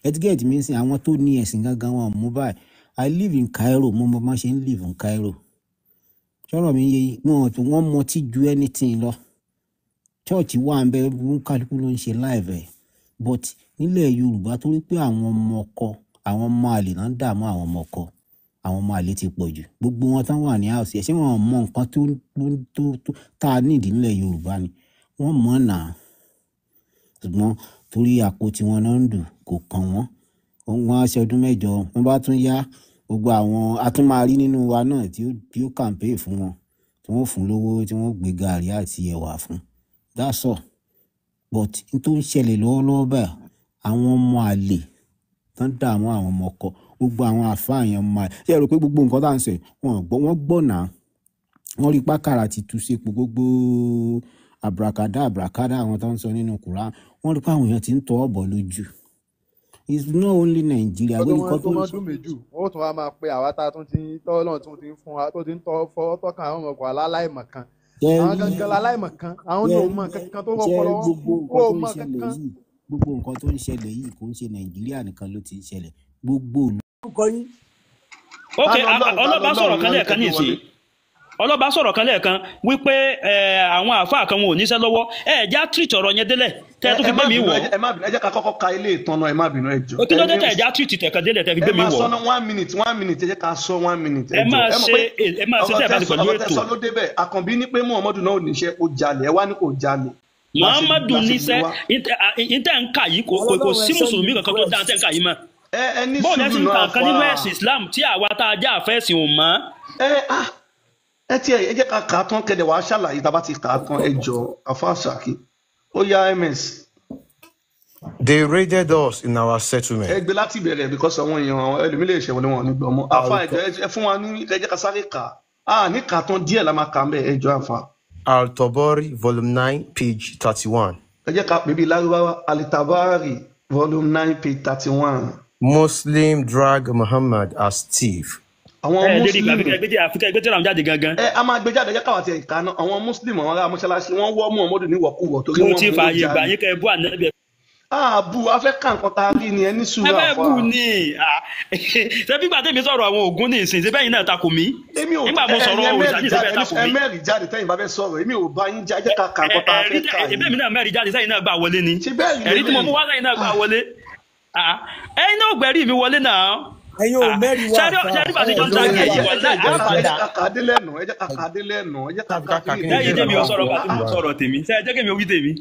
etiquette mi sin àwọn tó ní ẹ̀sìn gangan wọn mú báyìí i live in Cairo mo mọ bá ṣe ń live in Cairo sọ̀rọ̀ mi yẹ wọn tún wọ́n mọtí ju anything lọ church wà ń bẹ kálukú ló ń ṣe live ẹ̀ but nílẹ̀ Yorùbá torí pé àwọn ọmọ ọkọ àwọn ọmọ àlè náà ń dààmú àwọn ọmọ ọkọ àwọn ọmọ àlè ti pọ̀ jù gbogbo wọn tán wà ní house ẹ̀ ṣé wọn mọ nǹkan tó tó tá a nídìí nílẹ̀ Yorùbá ni wọ́n mọ̀ náà ṣùgbọ́n torí àpò tí náà ń dù kò kàn wọ́n wọn á ṣe ọdún mẹ́jọ wọn bá tún yá gbogbo àwọn atúmárí nínú wa náà tí ó kàǹpéè fún wọn tí wọ́n fún lówó tí wọ́n gbé gàrí àti ẹ̀wà fún that's all but n tó ń ṣẹlẹ̀ lọ́wọ́lọ́wọ́ báyìí àwọn ọmọ àlè tó ń dààmú àwọn ọmọ ọkọ gbogbo àwọn àfáà yẹn máa ṣe rò pé gbogbo nǹkan tá à ń sẹ wọn gbọ́ wọn gbọnà wọn rí pákàrà ti tú sépo gbogbo àbùràkàdá àbùràkàdá àwọn tó ń sọ nínú Kùránì wọ́n rí pé àwọn èèyàn ti ń tọ́ ọ̀bọ̀ lójú it's not only Nigeria wọ́n kọ́ tó ń sọ. wọ́n tún wá máa pe àwa tá a tún ti tọ́ ọlọ́run tún ti fún wa tó ti ń tọ́ fọwọ́ tọ́kàn àwọn ọmọkùnrin aláìmọ̀ kan àwọn gangan aláìmọ̀ kan àwọn ní òun mọ̀ kankan tó wọ́pọ̀ lọ́wọ́ kó o mọ̀ kankan. gbogbo nǹkan tó ń ṣẹlẹ̀ yìí kò ń ṣe Nàìjíríà nìkan ló ti ń ṣẹlẹ̀ gbogbo ok ọlọ́ba sọ̀rọ̀ kan ní ìsìn ọlọ́ba sọ̀rọ̀ kan lẹ́ẹ̀kan wípé àwọn àáfàá kan wọn ò níṣẹ́ lọ́wọ́ ẹ ẹ̀ já tìrìtì ọ̀rọ̀ yẹn délẹ̀ tẹ́ tó fi gbé mi wọ̀. ẹ má bínú ẹ jẹ́ ká kọ́kọ́ ka ilé ìtọ́nà ẹ má bínú ẹ jọ. kí ló dé tẹ ẹ já tìrìtì tẹ̀kan délẹ̀ tẹ́ fi gbé mi wọ̀. ẹ máa sọ one minute one minute ẹ jẹ́ ká sọ one minute. ẹ máa ṣe ẹ máa ṣe tẹ́ ẹ bá ti pẹ̀lú ètò. ọ̀rọ̀ tẹ sọ ló bọ́ọ̀lù ẹ̀sìn kankan nínú ẹ̀sìn islam tí àwa tá a jẹ́ àfẹ́sìn ò mọ́. ẹ ah ẹ tiẹ̀ ẹ jẹ́ ká kà á tán kẹ́dẹ̀ wàá ṣàlàyé tá a bá ti kà á tán ẹ jọ afáṣàkí ó yá ms. they raided us in our settlement. ẹ gbé láti bẹ̀rẹ̀ because àwọn èèyàn àwọn ẹlòmí lè ṣẹ̀wọ̀n níwọ̀n nígbà ọmọ afa ẹjọ ẹ fún wa ní ẹ jẹ́ ká sáré kà á ní kà á tán díẹ̀ la máa kà á mbẹ̀ ẹjọ àfa. altobori volume nine page thirty-one. ẹ jẹ́ ká pè bí alitabari volume nine page thirty-one. muslim drag muhammad as thief àwọn muslim ẹgbẹ́ tí nàìjíríà jáde gangan. ẹ a máa gbé jáde jẹ́ ti ẹ̀ka náà àwọn muslim àwọn ará mọ́ṣáláṣí wọ́n wọ́ muhammadu ní wọ̀kúwọ̀ torí wọ́n mú un jáde. mo ti fààyè nǹkan ta rí ni ẹ sùúrù àfọ. ẹ bẹ́ẹ̀ bù ní ṣé bí gbàdé sọ̀rọ̀ àwọn ògún ní ìsìn ṣé bẹ́yìn náà takò mí. èmi ò nígbà mo jáde tẹ́yìn bá fẹ́ sọ̀rọ̀ èmi ò bá yín jáde ká kà nǹkan ta fẹ́ kà yìí. ẹ̀rí tí mo mú wá ẹ̀yin ò ah, mẹ́rin wá àfa ṣáàdì bàtí jọ ń ta kí ẹ̀yin wọ́n náà àfàdà. kàkàdé lẹ́nu ẹ jẹ́ kàkàdé lẹ́nu ẹ jẹ́ kàkàdé lẹ́nu. ẹ̀yin jẹ́mi ọ̀sọ̀rọ̀ bàtí mo ah. sọ̀rọ̀ tèmi ṣe ẹ jẹ́ kí mi wí tèmi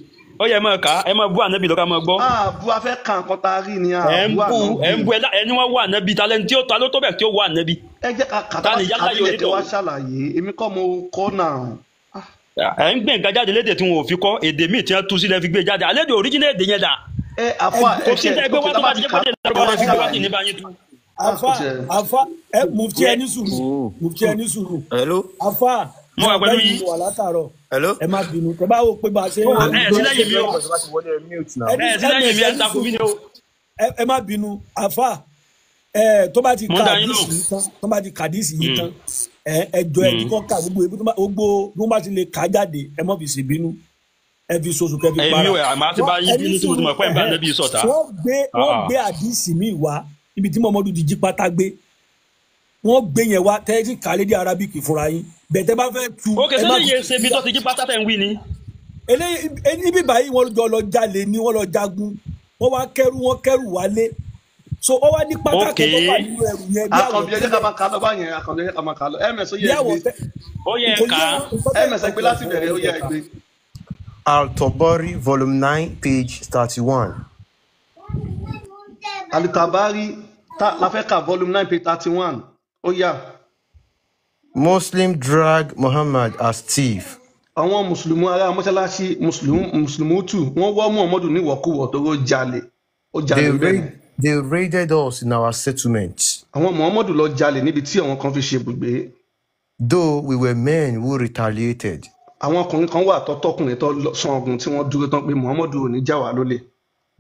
ó yẹ máa kà á ẹ máa bú ànábì lọ́ka máa gbọ́. àbú ah, afẹ́ kan kan ta rí ni àbú ànábì. ẹ ń bú ẹni wọ́n wà ànábì ta lẹ́ni tí ó ta ló tó bẹ̀ tí ó wà ànábì. ẹ jẹ́ ká kàtàkì wá ṣàlàyé èmi kọ́ mo kọ́ náà ẹ ń gbé nǹkan jáde lédè tí wọn ò fi kọ èdè míì tí wọn tú sílẹ̀ fi gbé jáde àlejò oríjìnlẹ̀ èdè yẹn dà. Eh, ẹ àfọ àtẹ̀jẹ̀ tó ti dábàá ti kà á lọ́wọ́ sílẹ̀ Ah, afa afa ẹ eh, mufti ẹni sùúrù mufti ẹni sùúrù afa mo wà pẹ̀lú yín wà látàárọ̀ ẹ má bínú tẹ bá wò pé bá a ṣe. Eh, ẹ ẹ sílẹ̀ yìí mi o ẹ sílẹ̀ eh, yìí mi ẹ takun mi ni o. ẹ má bínú afa tó bá ti kàdísì yìí tán tó bá ti kàdísì yìí hmm. tán ẹjọ ẹ hmm. kíkọ ká gbogbo gbogbo bí wọn bá ti lè kà jáde ẹ mọ fi ṣe bínú ẹ fi soṣù kẹfì para. èmi ò àmọ́ àti bá yín bínú tí mo ti mọ̀ pé ẹ̀ bá lẹ́bí sọ̀tà. wọ́n gbé ah. àdísì mi wá ibi tí Muhammadu ti jí pátá gbé wọ́n gbé yẹn wá tẹ́ ẹ sì kà Arabic fúnra yín bẹ̀tẹ̀ bá fẹ́ tu. ó kẹsẹ́ lè yẹ ṣe ibi tó ti jí pátá tẹ̀ ń wí ni. eléyìí níbí báyìí wọ́n jọ lọ jalè ni wọ́n lọ jagun wọ́n wá kẹ́rù wọ́n kẹ́rù wálé so ó wá ní pátákì tó wà nínú ẹrù yẹn bí àwọn akànbíyẹ jẹ ká máa kà á lọ bá yẹn akànbíyẹ jẹ ká yẹ ẹgbẹ ó yẹ ká láti bẹ̀rẹ̀ ó yẹ ẹgbẹ. Al-Tabari volume nine page thirty-one. Al-Tabari la fẹ́ volume nine page thirty one ó muslim drag muhammad as thief. àwọn mùsùlùmí ará mọ́ṣáláṣí mùsùlùmí tù wọ́n wọ́ muhammadu ní ìwọ̀kuwọ̀ tó ló jalè they raided us in our settlement. àwọn muhammadu lọ jalè níbi tí àwọn kan fi ṣe ibùgbé. though we were men who retaliated. àwọn ọkùnrin kan wà tọ́tọ́kùnrin tó sọ ọ̀gùn tí wọ́n dúró tán pé muhammadu ò ní já wa lólè.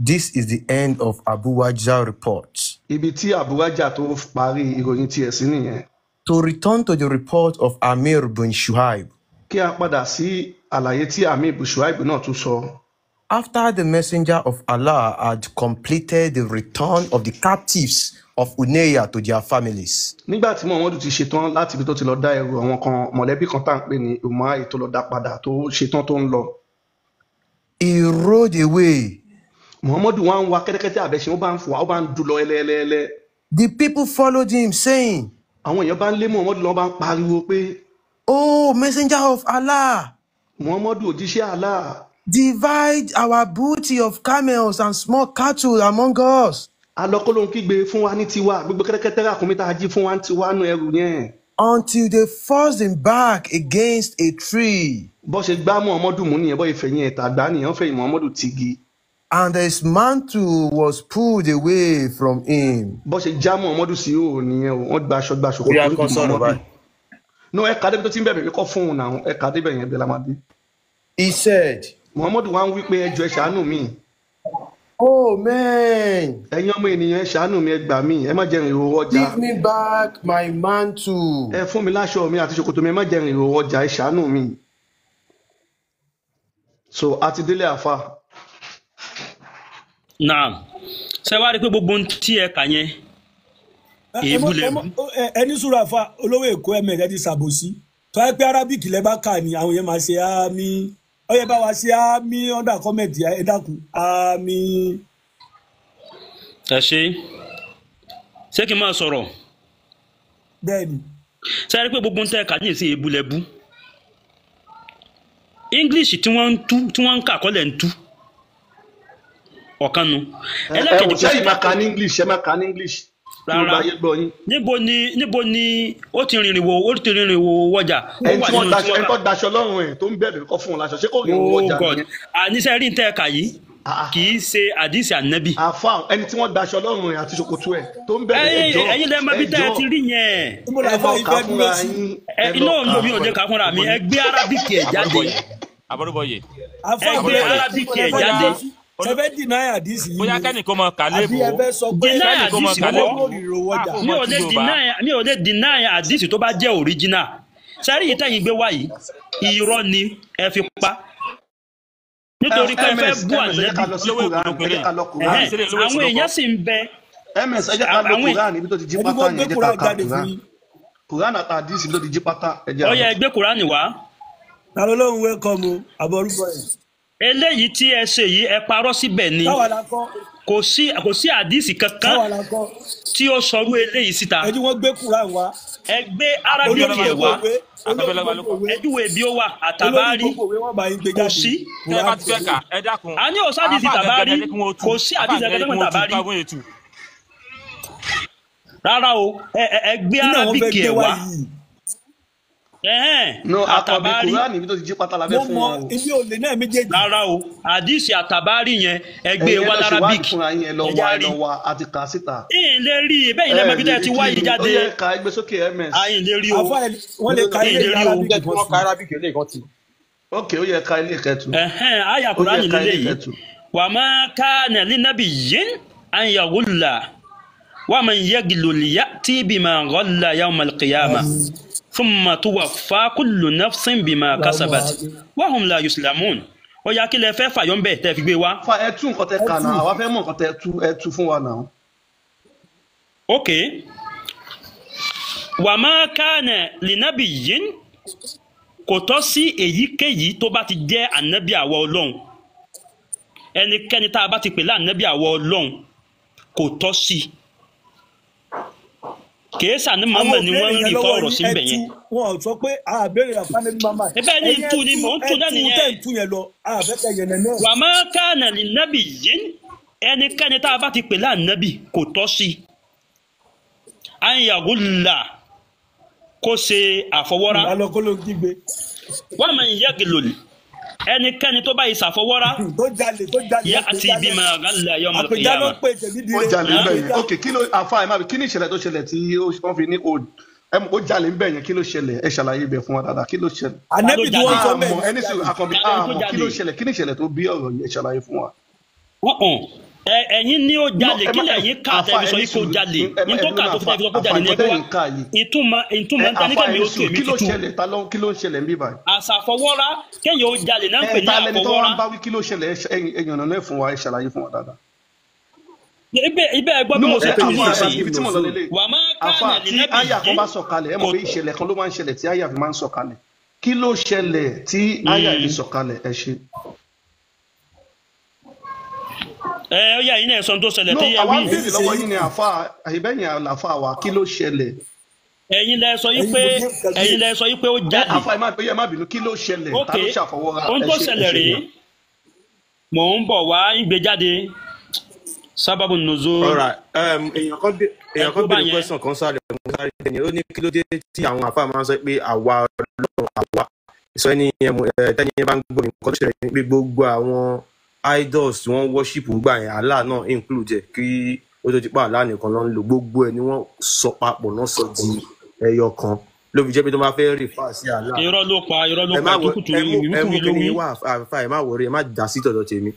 This is the end of Abuwaja report. Ibi tí Abuwaja tó parí ìròyìn tiẹ̀ sí nìyẹn. To return to the report of Amir bin Shuaib. Kí a padà sí àlàyé tí Amir bin Shuaib náà tún sọ. After the messenger of Allah had completed the return of the captives of Uneya to their families. Nígbà tí Muhammadu ti ṣetán láti ibi tó ti lọ dá ẹrù àwọn kan mọ̀lẹ́bí kan tá à ń pè ní Umar ètò lọ padà tó ṣetán tó ń lọ. He rode away muhammadu wa ń wa kẹ́tẹ́kẹ́tẹ́ àbẹ̀ṣin ó bá ń fò ó bá ń dùn lọ ẹlẹ́ẹlẹ́ẹlẹ́. the people followed him saying. àwọn èèyàn bá ń lé muhammadu lọ bá ń pariwo pé. oh messenger of allah. muhammadu òjíṣẹ́ allah. divide our booty of camels and small cattle among us. alọ́kọ́lóhun kígbe fún wa ní tiwa gbogbo kẹ́tẹ́kẹ́tẹ́ ràkúnmí tá a jí fún wa ní tiwa nù ẹrù yẹn. until they forced him back against a tree. bó ṣe gbá muhammadu mú nìyẹn bó ṣe fẹ̀yìn ẹ̀ta gbá nìyẹn fẹ̀yìn muhammadu tigi and his mantle was pulled away from him. bó ṣe já muhammadu sí o nìyẹn o wọ́n gba aṣọ gba aṣọ kó tó kó no ẹ̀ka débi tó ti ń bẹ̀rẹ̀ kọ́ fún un náà ẹ̀ka débẹ̀ yẹn bẹ̀rẹ̀ amadé. he said. muhammadu wá ń wí pé ẹjọ́ ẹ ṣàánú mi. oh man. ẹ̀yin ọmọ ènìyàn ẹ ṣàánú mi ẹ gbà ẹ má jẹ́ rìn ìhòòhò ọjà. give me back my mantle. ẹ fún mi láṣọ mi àti ṣòkòtò mi ẹ má jẹ́ rìn ìhòòhò ọjà ẹ ṣàánú mi. so àti àfa naam ṣe wá rí pé gbogbo ohun tí ẹ kà yẹn eh, eh, èébú lẹ bú. Eh, ẹni sùúrù àfa olówó èkó ẹ̀mẹ̀ rẹ ti ṣàbòsí tó yẹ pé arabic lẹ bá kà ní àwọn yẹn máa ṣe àmì ó bá wa ṣe àmì ọ̀dà kọ́mẹ̀dì ẹ dákun àmì. ẹ ṣe ṣé kí n máa sọ̀rọ̀. bẹ́ẹ̀ni. ṣe é rí pé gbogbo ohun tí ẹ kà yẹn sí èébú lẹ bú english tí wọ́n ń tú tí wọ́n ń kà kọ́lẹ̀ ń tú ọ̀kan nu. ẹlẹ́kẹ̀dì pé ṣé ìmọ̀ kan ní english ṣé máa kan ní english. rárá níbo ni níbo ni ó ti rìnrìn wò ó ti rìnrìn wò wọjà. ẹni tó daṣọ lọ́rùn ẹ̀ tó ń bẹ̀rẹ̀ kọ́ fún un láṣọ ṣé kò rìn wọjà oh ni. àníṣe rí tẹ́ ẹ̀ka yìí ah, ah, ah. kì í ṣe àdìsí ànábì. àfa ẹni tí wọ́n daṣọ lọ́rùn rẹ̀ àti ṣòkòtò ẹ̀ tó ń bẹ̀rẹ̀ ẹjọ́ ẹjọ́ ẹyin lẹ́yìn bá bí tẹ́ ẹ ti rí yẹn. ẹ lọ kà fúnra yín. iná òun lómi ò jẹ́ kà fúnra mi ẹ gbé arábìkì ẹ̀ jáde. àbọ̀dúbọ̀ yẹ. ẹ gbé arábìkì ẹ̀ jáde sẹfẹ deny àdìsí yìí bóyá kẹ́nìkan máa kà lébò àbí ẹfẹ sọ pé kẹ́nìkan máa kà lébò mi ò lè deny mi ò lè deny àdìsí tó bá jẹ́ original sẹ́rí yìí tẹ̀yìn gbé wáyìí irọ́ ni ẹ fi pa nítorí pé ẹ fẹ́ bú àlẹ́bí lówó ìpínlẹ̀ àwọn èèyàn sì ń bẹ ms ẹ jẹ́ ká lọ Quran ibi tó ti jí pátá yẹn ẹ jẹ́ ká ka Quran Quran àti àdìsí ibi tó ti jí pátá ẹ jẹ́ ká. ọyẹ ẹgbẹ́ Quran wá. ta ló lóun wẹ́kọ̀mù àbọ̀rúbọ̀ yẹn eléyìí tí ẹ ṣe yìí ẹ parọ́ síbẹ̀ ni kò sí kò sí àdìsí kankan tí ó sọrú eléyìí síta. ẹ jí wọn gbé kúrà wá. ẹ gbé arábìnrin ẹ wá ẹjúwe bí ó wà àtàbárí kò sí. a ní òsán àdìsí tàbárí kò sí àdìsí ẹgbẹ́ tàbárí rárá o ẹ arábìnrin ẹ wá no àtàbárí níbi tó ti jí pátá lábẹ́ fún wọn o. ilé olè náà méjèèjì. rárá o àdìsí àtàbárí yẹn ẹgbẹ́ wa larabic ẹ̀yà rí ẹ̀yìn lè rí i bẹ́ẹ̀ ni ẹ̀mẹ́bí tẹ́ ti wáyé jáde ẹ̀yìn lè rí o ẹ̀yìn lè rí o. ok ó yẹ ká ilé kẹtù. àyà kùránì nílé yìí wà á máa ká nàlí nàbì yín àyàwó là wà á máa yẹ gìlòlìyà tí ibì máa rọ́ọ̀lá yà thumma tuwaffa kullu nafsin bima kasabat wahum la yuslamun ó yá kí lẹ fẹ́ fàyọ́ ń bẹ̀ tẹ́ fi gbé wa. fa ẹ tú nǹkan tẹ kà náà àwa fẹ́ mọ̀ nǹkan tẹ tú ẹ tú fún wa náà. ok wa ma kana linabiyyin kò tọ́ sí èyíkéyìí tó bá ti jẹ́ ànábì àwa ọlọ́run ẹnikẹ́ni tá a bá ti pè láànábì àwa ọlọ́run kò tọ́ sí i kèésà ní màmá ni wọ́n ń rí fọ́ọ̀rọ̀ sí ibẹ̀ yẹn. wọn sọ pé àbẹ̀rẹ̀ àfáàní màmá yìí. ebe ni tu ni mò ń tu náà nìyẹn. ẹ tu yẹn lọ àbẹ̀kẹ̀ ah, yẹn náà. wà á máa ká nàní nábì yìí ẹnikẹ́ni tá a bá ti pè láànábì kò tọ́ sí i. àyàwó là kó ṣe àfọwọ́rá. wọ́n máa ń yẹ́gi lòlì ẹnikẹ́ni tó bá yìí ṣàfọwọ́rá. [laughs] tó jalè tó jalè yẹ àti ibi máa gàlẹ́ ayọ́ ọmọ ìyá ma. ó jalè ń bẹ̀ yẹn ok kí ló àfa ẹ̀ máa bí kí ni ìṣẹ̀lẹ̀ tó ṣẹlẹ̀ tí wọ́n fi ní o ó jalè ń bẹ̀ yẹn kí ló ṣẹlẹ̀ ẹ ṣàlàyé ibẹ̀ fún wa dáadáa kí ló ṣẹlẹ̀. ànẹ́bí tí sọ bẹ́ẹ̀ ẹni sùn àkànbí àmọ́ kí ló ṣẹlẹ̀ kí ni ìṣẹ̀lẹ̀ tó bí ọ̀rọ̀ yẹn ṣàlàyé fún wa ẹ̀yin ní ó jalè kílẹ̀ yìí ká tẹ̀fisọ̀ yìí kó jalè ní tó ká tó fi tẹ̀fisọ̀ kó jalè ní ẹgbẹ́ wa ìtumọ̀ ìtumọ̀ níta níta mi ó tó èmi tutù. kí ló ń ṣẹlẹ̀ níbí báyìí. àṣàfọwọ́ra kéèyàn ó jalè náà ń pè ní àfọwọ́ra. kí ló ṣẹlẹ̀ ẹ̀yàn náà fún wa ẹ̀ ṣàlàyé fún wa dáadáa. ibẹ̀ ibẹ̀ ẹgbọ́ bí mo ṣe tún yìí sí wà má kánà nínú ẹ̀bí yìí. kí ló ṣẹlẹ̀ tí àyà yìí hmm. sọ̀kalẹ̀ ẹ ṣe ẹ eh, ó yà yín náà sọ tó ṣẹlẹ̀ tó yẹ wí. àwọn béèrè ni àfa àyẹ̀bẹ̀yìn àlàfà wa kí ló ṣẹlẹ̀. ẹ̀yin lẹ sọ yí pé ẹ̀yin lẹ sọ yí pé ó jáde. àfa ẹ má bẹ yẹ má bínú kí ló ṣẹlẹ̀ ta ló ṣàfọwọ́ra ẹ ṣe ohun tó ṣẹlẹ̀ rèé mò ń bọ̀ wá ń gbé jáde sábàbù nùzó. Um, èèyàn kan béèrè question kan sáré ọ̀hún sáré ẹ̀yìn ó ní kí ló dé tí àwọn àfa máa ń sọ pé àwa ọlọ́run àwa ìsọ ẹni ẹni bá ń gbọ́ nǹkan gbogbo àwọn idols tí wọ́n worship gbà yẹn Allah náà include ẹ̀ kí ó tó ti pa Allah nìkan ló ń lò gbogbo ẹ̀ ni wọ́n sọ papọ̀ náà sọ di ẹyọ kan ló fi jẹ́ pé tó máa fẹ́ rè fà sí Allah. irọ́ ló pa irọ́ ló pa ìdúkùtù ìmúkùmí ló wí. ẹ má wọrí ẹ má dà sí tọ̀dọ̀ tèmi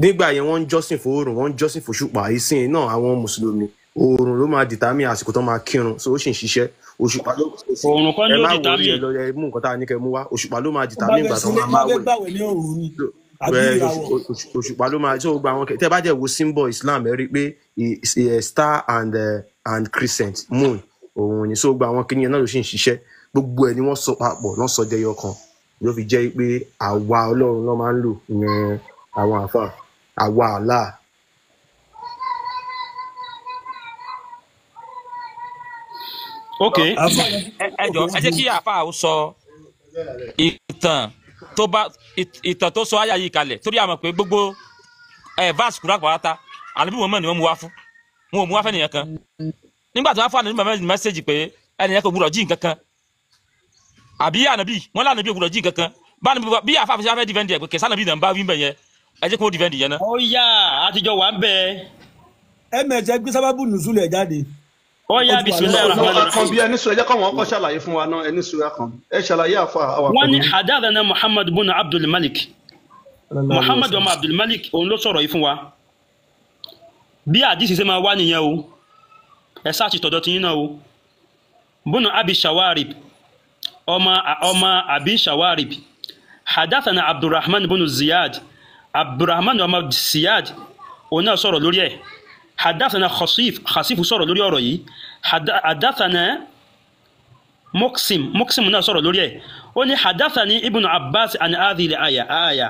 nígbà yẹn wọ́n ń jọ́sìn fòórùn wọ́n ń jọ́sìn fòṣùpá ìsìn náà àwọn mùsùlùmí oòrùn ló máa dìtámì àsìkò tó máa kírun so ó sì ń ṣiṣẹ́ òṣùpá ló oòrùn kan ló dìtámì ẹ má wọrí ẹ lọ ẹ mú nǹkan tá a ní kẹ mú wá òṣùpá ló máa dìtámì ìgbà tó máa máa wẹ̀ òṣùpá ló máa tó gba àwọn kẹ tẹ bá dẹ wo symbol islam ẹ rí i pé eh, star and uh, and crescent moon òun ni so gba àwọn kìnìyàn náà ló ṣì ń ṣiṣẹ́ gbogbo ẹ ni wọ́n sọ papọ̀ wọ́n sọ dẹyọ kan ló fi jẹ́ pé àwa Ọlọ́run ló máa ń lò ìyẹn àwọn àfa àwa àlá. ok ẹ jọ ẹ jẹ́ kí àfa ò sọ ìtàn tó bá ìtàn tó sọ àyà yìí kalẹ̀ torí àmọ̀ pé gbogbo ẹ̀ vas kúrò àpárátá ànábì Muhammad ni wọ́n mú wá fún wọn ò mú wá fẹ́ nìyẹn kan nígbà tí wọ́n fún ànábì Muhammad mẹ́sẹ̀gì pé ẹnìyẹn kò gbúdọ̀ jí nǹkan kan àbí ànábì wọ́n lé ànábì gbúdọ̀ jí nǹkan kan bí àfàfẹ́ sáfẹ́ dìvẹ́ndì ẹ̀ pé kẹsàn-án ànábì náà wí bẹ̀yẹn ẹ jẹ́ kó dìvẹ́ndì yẹn náà. ó yá àtijọ́ wà ń bẹ́ẹ̀. ẹ mẹ̀jẹ̀ gbé sábàbù nùsùlẹ̀ jáde ó yá bisimilayi rahman rahim. kan bí ẹni sọ ẹ jẹ́ kó wọn kọ́ ṣàlàyé fún wa náà ẹni sọ kan ẹ ṣàlàyé àfa àwọn. wọ́n ní hadathana muhammad bin abdul malik muhammad ọmọ abdul malik òun ló sọ̀rọ̀ yìí fún wa bí àdìsí ṣe máa wá nìyẹn o ẹ sáà ti tọ̀dọ̀ tiyín náà o bin abi shawarib ọmọ ọmọ abi shawarib hadathana abdulrahman bin ziyad abdulrahman ọmọ ziyad òun náà sọ̀rọ̀ lórí ẹ̀ hadathana khasif khasif sọ̀rọ̀ lórí ọ̀rọ̀ yìí hadathana moksim moksim náà sọ̀rọ̀ lórí ẹ̀ ó ní hadathani ibnu abbas an adil aya aya